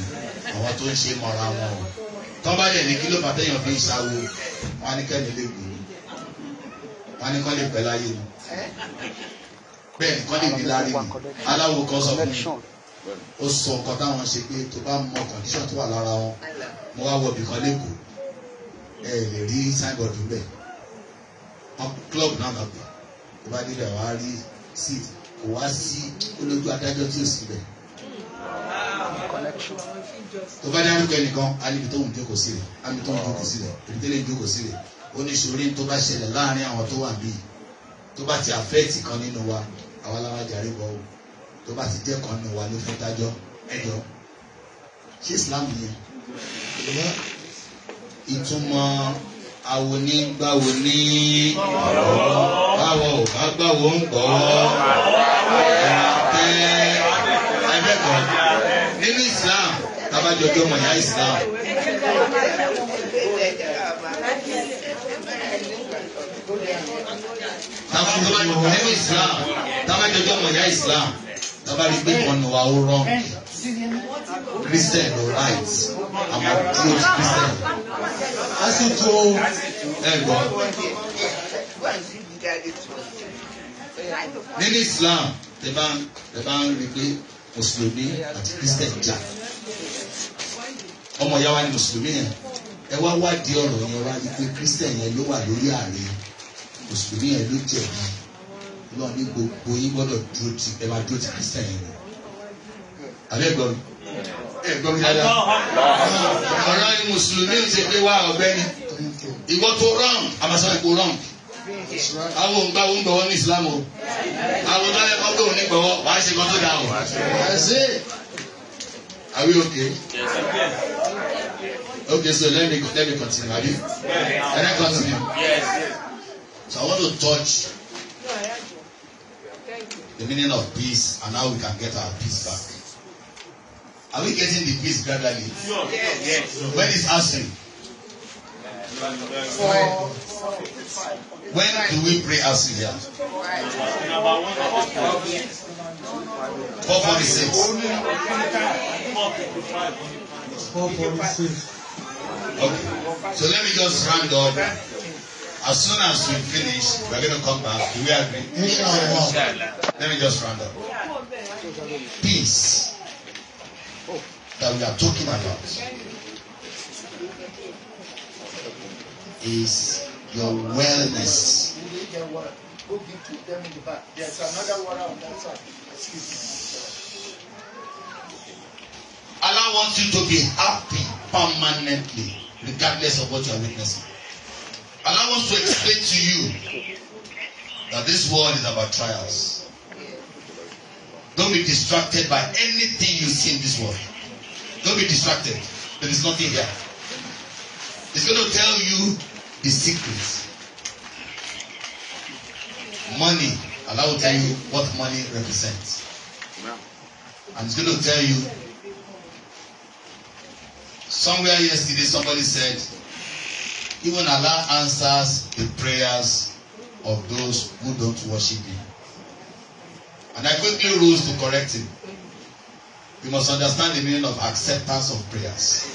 àwọn tó ń ṣe mọ́ra wọn o tọ́ bá dẹ̀ ní kí ló bàtẹ́yàn fi ń ṣàwo wọn á ní kẹ́ni lè gbòó wọn ni kọ́ lè pẹ́ láyé ni bẹ́ẹ̀ ni kọ́ lè ní láyé ni aláwo kan sọ fún mi ó sọ ọkọ táwọn ṣe pé tó bá mọ kọ̀ǹdíṣàn tó wà lára wọn mo wá wọ ibìkan lẹ́kọ̀ọ́ ẹ lè rí signboard bẹ́ẹ̀ club náà kàn pé tó bá nílẹ̀ wá rí seat kò wá sí olójú adájọ́ tí ò sí bẹ́ẹ̀ tó bá dárúkọ ẹnìkan alibi tó ń jókòó sílẹ̀ alibi tó ń jókòó sílẹ̀ èmi tẹ́lẹ̀ ń jókòó sílẹ̀ oníṣòrí tó bá ṣẹlẹ̀ láàrin àwọn tó wà bíi tó bá ti àfẹ́ẹ̀tì kan nínú wa àwa làwọn àjàre bọ̀ o tó bá ti jẹ́ kan nínú wa ló fẹ́ dájọ́ ẹjọ́ ṣé Islam yẹn ìtumọ̀ àwo ní gbàwo ní báwo ò bá gbàwo ń gbọ́ ẹ̀ẹ́dẹ́ ẹ̀ẹ́dẹ́kọ̀ọ́ nínú Islam tábàjọjọ́ mọ̀ ya Islam. tàbí ìwọ̀n nínú Islam tàbí ìjọjọ́ ya Islam tàbí àrígbé ìwọ̀nù wa ó rán Christian no right I'm a close Christian lásìkò ẹ̀gbọ́n nínú Islam tẹ bá tẹ bá ń rí pé mùsùlùmí àti Christian jà ọmọ ìyá wa ni mùsùlùmí yẹn ẹ wá wádìí ọ̀rọ̀ yẹn wá ní pé Christian yẹn ló wà lórí ààrẹ yẹn mùsùlùmí yẹn ló jẹ̀bi ọlọ́run ní gbogbo yín gbọ́dọ̀ dúró ti ẹ máa dúró ti kristian yẹn lọ. àbẹ́ gbọ́ mi ẹ gbọ́ mi dáadáa ọ̀rọ̀ ni mùsùlùmí ti pé wá ọ̀gbẹ́ni ìwọ tó rọrùn àmàṣà kò rọrùn àwọn òǹgbà wọn gbọ́wọ́ ní islam o àwọn tó lẹ́kọ́ tó ní gbọ́wọ́ wà á ṣe kọ́ tó dáa o. Are we okay? so let me let me continue. Are you? So I want to touch the meaning of peace and how we can get our peace back. Are we getting the peace gradually? Yes. yes. So when is answering? When do we pray answering here? Four forty six. Okay. So let me just round up. As soon as we finish, we're going to come back. Do we agree? Inshallah. Let me just round up. Peace that we are talking about is your wellness. Allah wants you to be happy permanently, regardless of what you are witnessing allow us to explain to you that this world is about trials. Don't be distracted by anything you see in this world. Don't be distracted. There is nothing here. It's going to tell you the secrets. Money. Allah will tell you what money represents. And it's going to tell you. Somewhere yesterday, somebody said, even Allah answers the prayers of those who don't worship Him. And I quickly rose to correct him. You must understand the meaning of acceptance of prayers.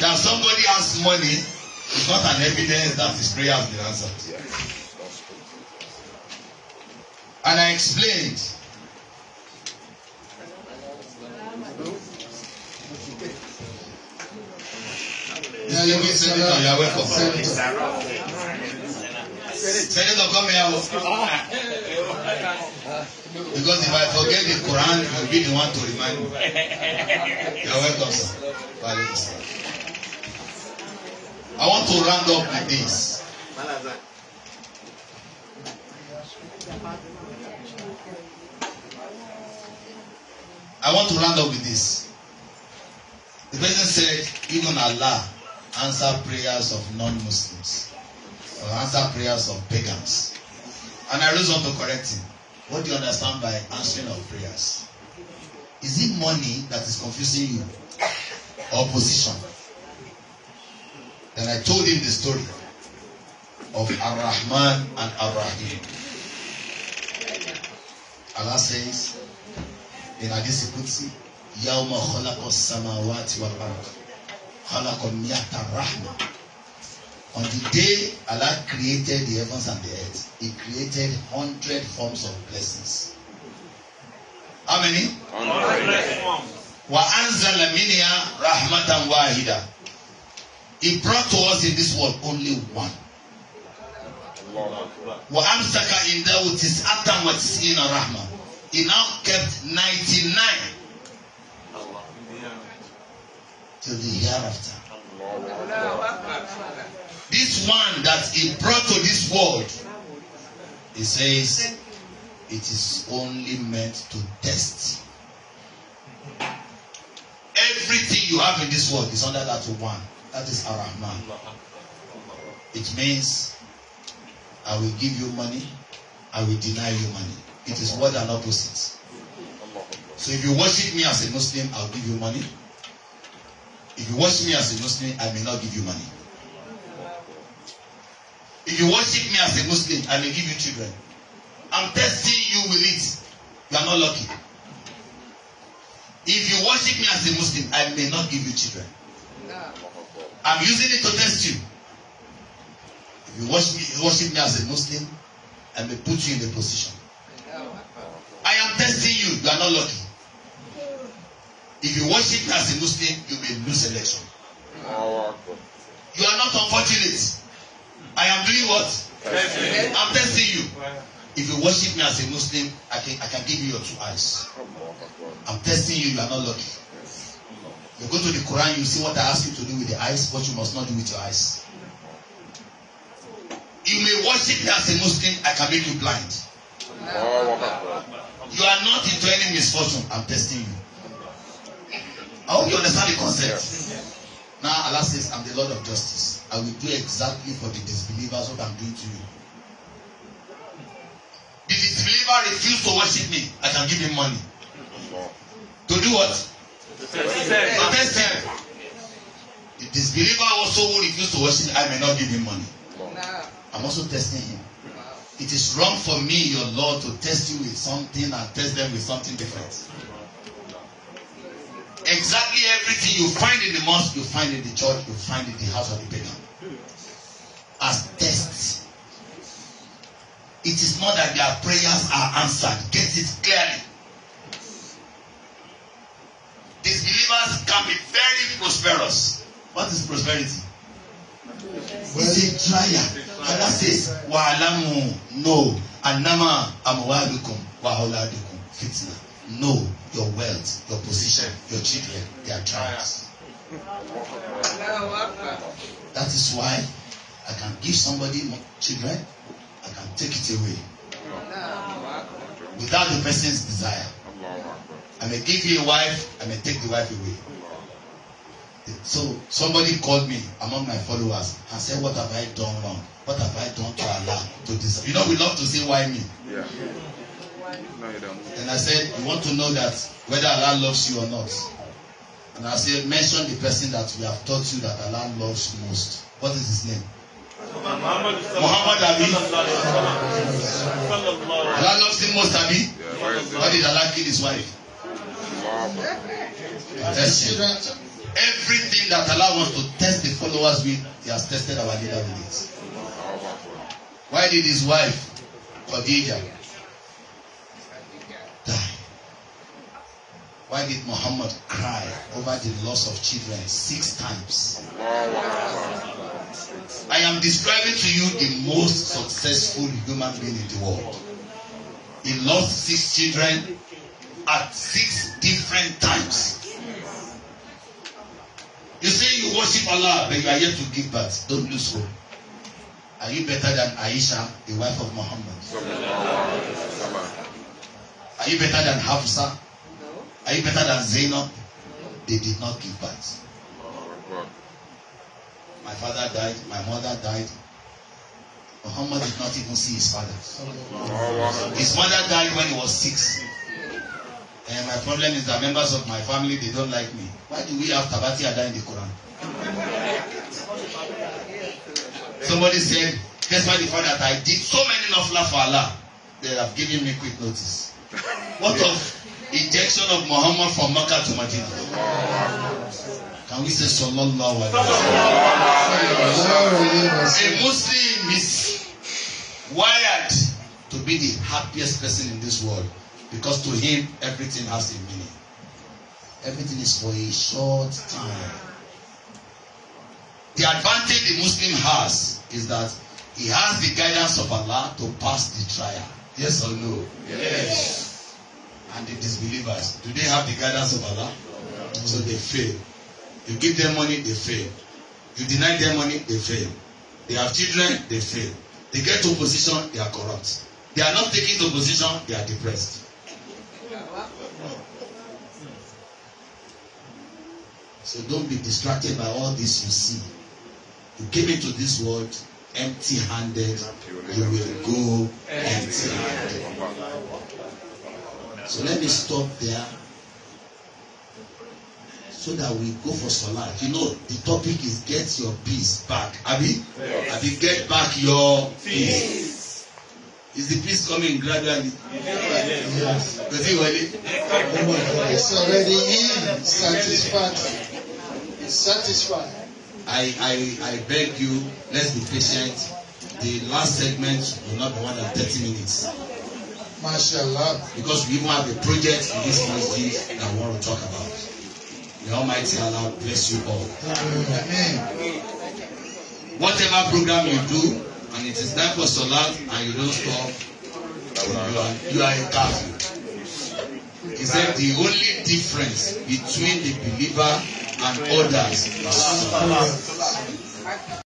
That somebody has money is not an evidence that his prayer has been answered. And I explained Deputy Senator, you are welcome. Senator, come here. Because if I forget the Quran, you'll be the one to remind me. You are welcome, sir. I want to round up like this. I want to round up with this. The president said, even Allah answer prayers of non-Muslims or answer prayers of pagans. And I raise up the correct him. What do you understand by answering of prayers? Is it money that is confusing you or position? Then I told him the story of Ar-Rahman and Ar-Rahim. Allah says in Hadith Qudsi, يَوْمَ samawati wal وَالْأَرْضِ خلق الرحمة On the day Allah created the heavens and the earth, He created hundred forms of blessings. How many? Hundred. وأنزل منها رحمة واحدة. He brought to us in this world only one. وأمسك عنده تسعة وتسعين رحمة. He now kept ninety-nine To the hereafter. This one that he brought to this world, he says, it is only meant to test. Everything you have in this world is under that one. That is ar It means, I will give you money, I will deny you money. It is what an opposite. So if you worship me as a Muslim, I'll give you money. If you worship me as a Muslim, I may not give you money. If you worship me as a Muslim, I may give you children. I'm testing you with it. You are not lucky. If you worship me as a Muslim, I may not give you children. I'm using it to test you. If you worship me, worship me as a Muslim, I may put you in a position. I am testing you. You are not lucky. If you worship as a Muslim, you may lose election. You are not unfortunate. I am doing what? I'm testing you. If you worship me as a Muslim, I can I can give you your two eyes. I'm testing you. You are not lucky. You go to the Quran, you see what I ask you to do with the eyes, what you must not do with your eyes. You may worship me as a Muslim, I can make you blind. You are not into any misfortune. I'm testing you. I hope you understand the concept. Yeah. Now Allah says, I'm the Lord of justice. I will do exactly for the disbelievers what I'm doing to you. The disbeliever refused to worship me. I can give him money. To do what? To test him. The disbeliever also who refused to worship me, I may not give him money. I'm also testing him. It is wrong for me, your Lord, to test you with something and test them with something different. Exactly everything you find in the mosque, you find in the church, you find in the house of the pagan. As tests. It is not that their prayers are answered. Get it clearly. These believers can be very prosperous. What is prosperity? It's a trial. Allah says, Wa alamu no. Anama amwalukum wa auladukum fitna know your wealth, your position, your children, their tribes. That is why I can give somebody my children, I can take it away without the person's desire. I may give you a wife, I may take the wife away. So somebody called me among my followers and said, What have I done wrong? What have I done to Allah to this? You know, we love to say, Why me? Yeah. And I said, You want to know that whether Allah loves you or not? And I said, Mention the person that we have taught you that Allah loves most. What is his name? Muhammad, Ali. Allah loves him most, Ali. Why did Allah kill his wife? Everything that Allah wants to test the followers with, He has tested our leader with it. Why did his wife, Khadijah, die. Why did Muhammad cry over the loss of children six times? I am describing to you the most successful human being in the world. He lost six children at six different times. You say you worship Allah, but you are yet to give birth. Don't lose hope. Are you better than Aisha, the wife of Muhammad? Are you better than Hafsa? No. Are you better than Zainab? No. They did not give birth. My father died, my mother died. Muhammad did not even see his father. His mother died when he was six. And my problem is that members of my family they don't like me. Why do we have Tabati Ada in the Quran? Somebody said, despite the fact that I did so many nafla for Allah, they have given me quick notice. What of injection of Muhammad from Makkah to Medina? Can we say sallallahu alaihi wasallam? A Muslim is wired to be the happiest person in this world because to him everything has a meaning. Everything is for a short time. The advantage the Muslim has is that he has the guidance of Allah to pass the trial. Yes or no? Yes. yes and the disbelievers do they have the guidance of Allah so they fail you give them money they fail you deny them money they fail they have children they fail they get to position they are corrupt they are not taking the position they are depressed so don't be distracted by all this you see you came into this world empty handed you will go empty handed. So let me stop there so that we go for Salah. You know, the topic is get your peace back. Abi? Yes. Abi, get back your peace. peace. Is the peace coming gradually? Yes. Does it really? Oh my God, it's already in satisfied. It's satisfied. I, I, I beg you, let's be patient. The last segment will not be more than 30 minutes. MashaAllah. Because we even have a project in this ministry that we want to talk about. The Almighty Allah bless you all. Amen. Whatever program you do, and it is time for Salat, and you don't stop, you are, you are a kafir. He said the only difference between the believer and others is Salat.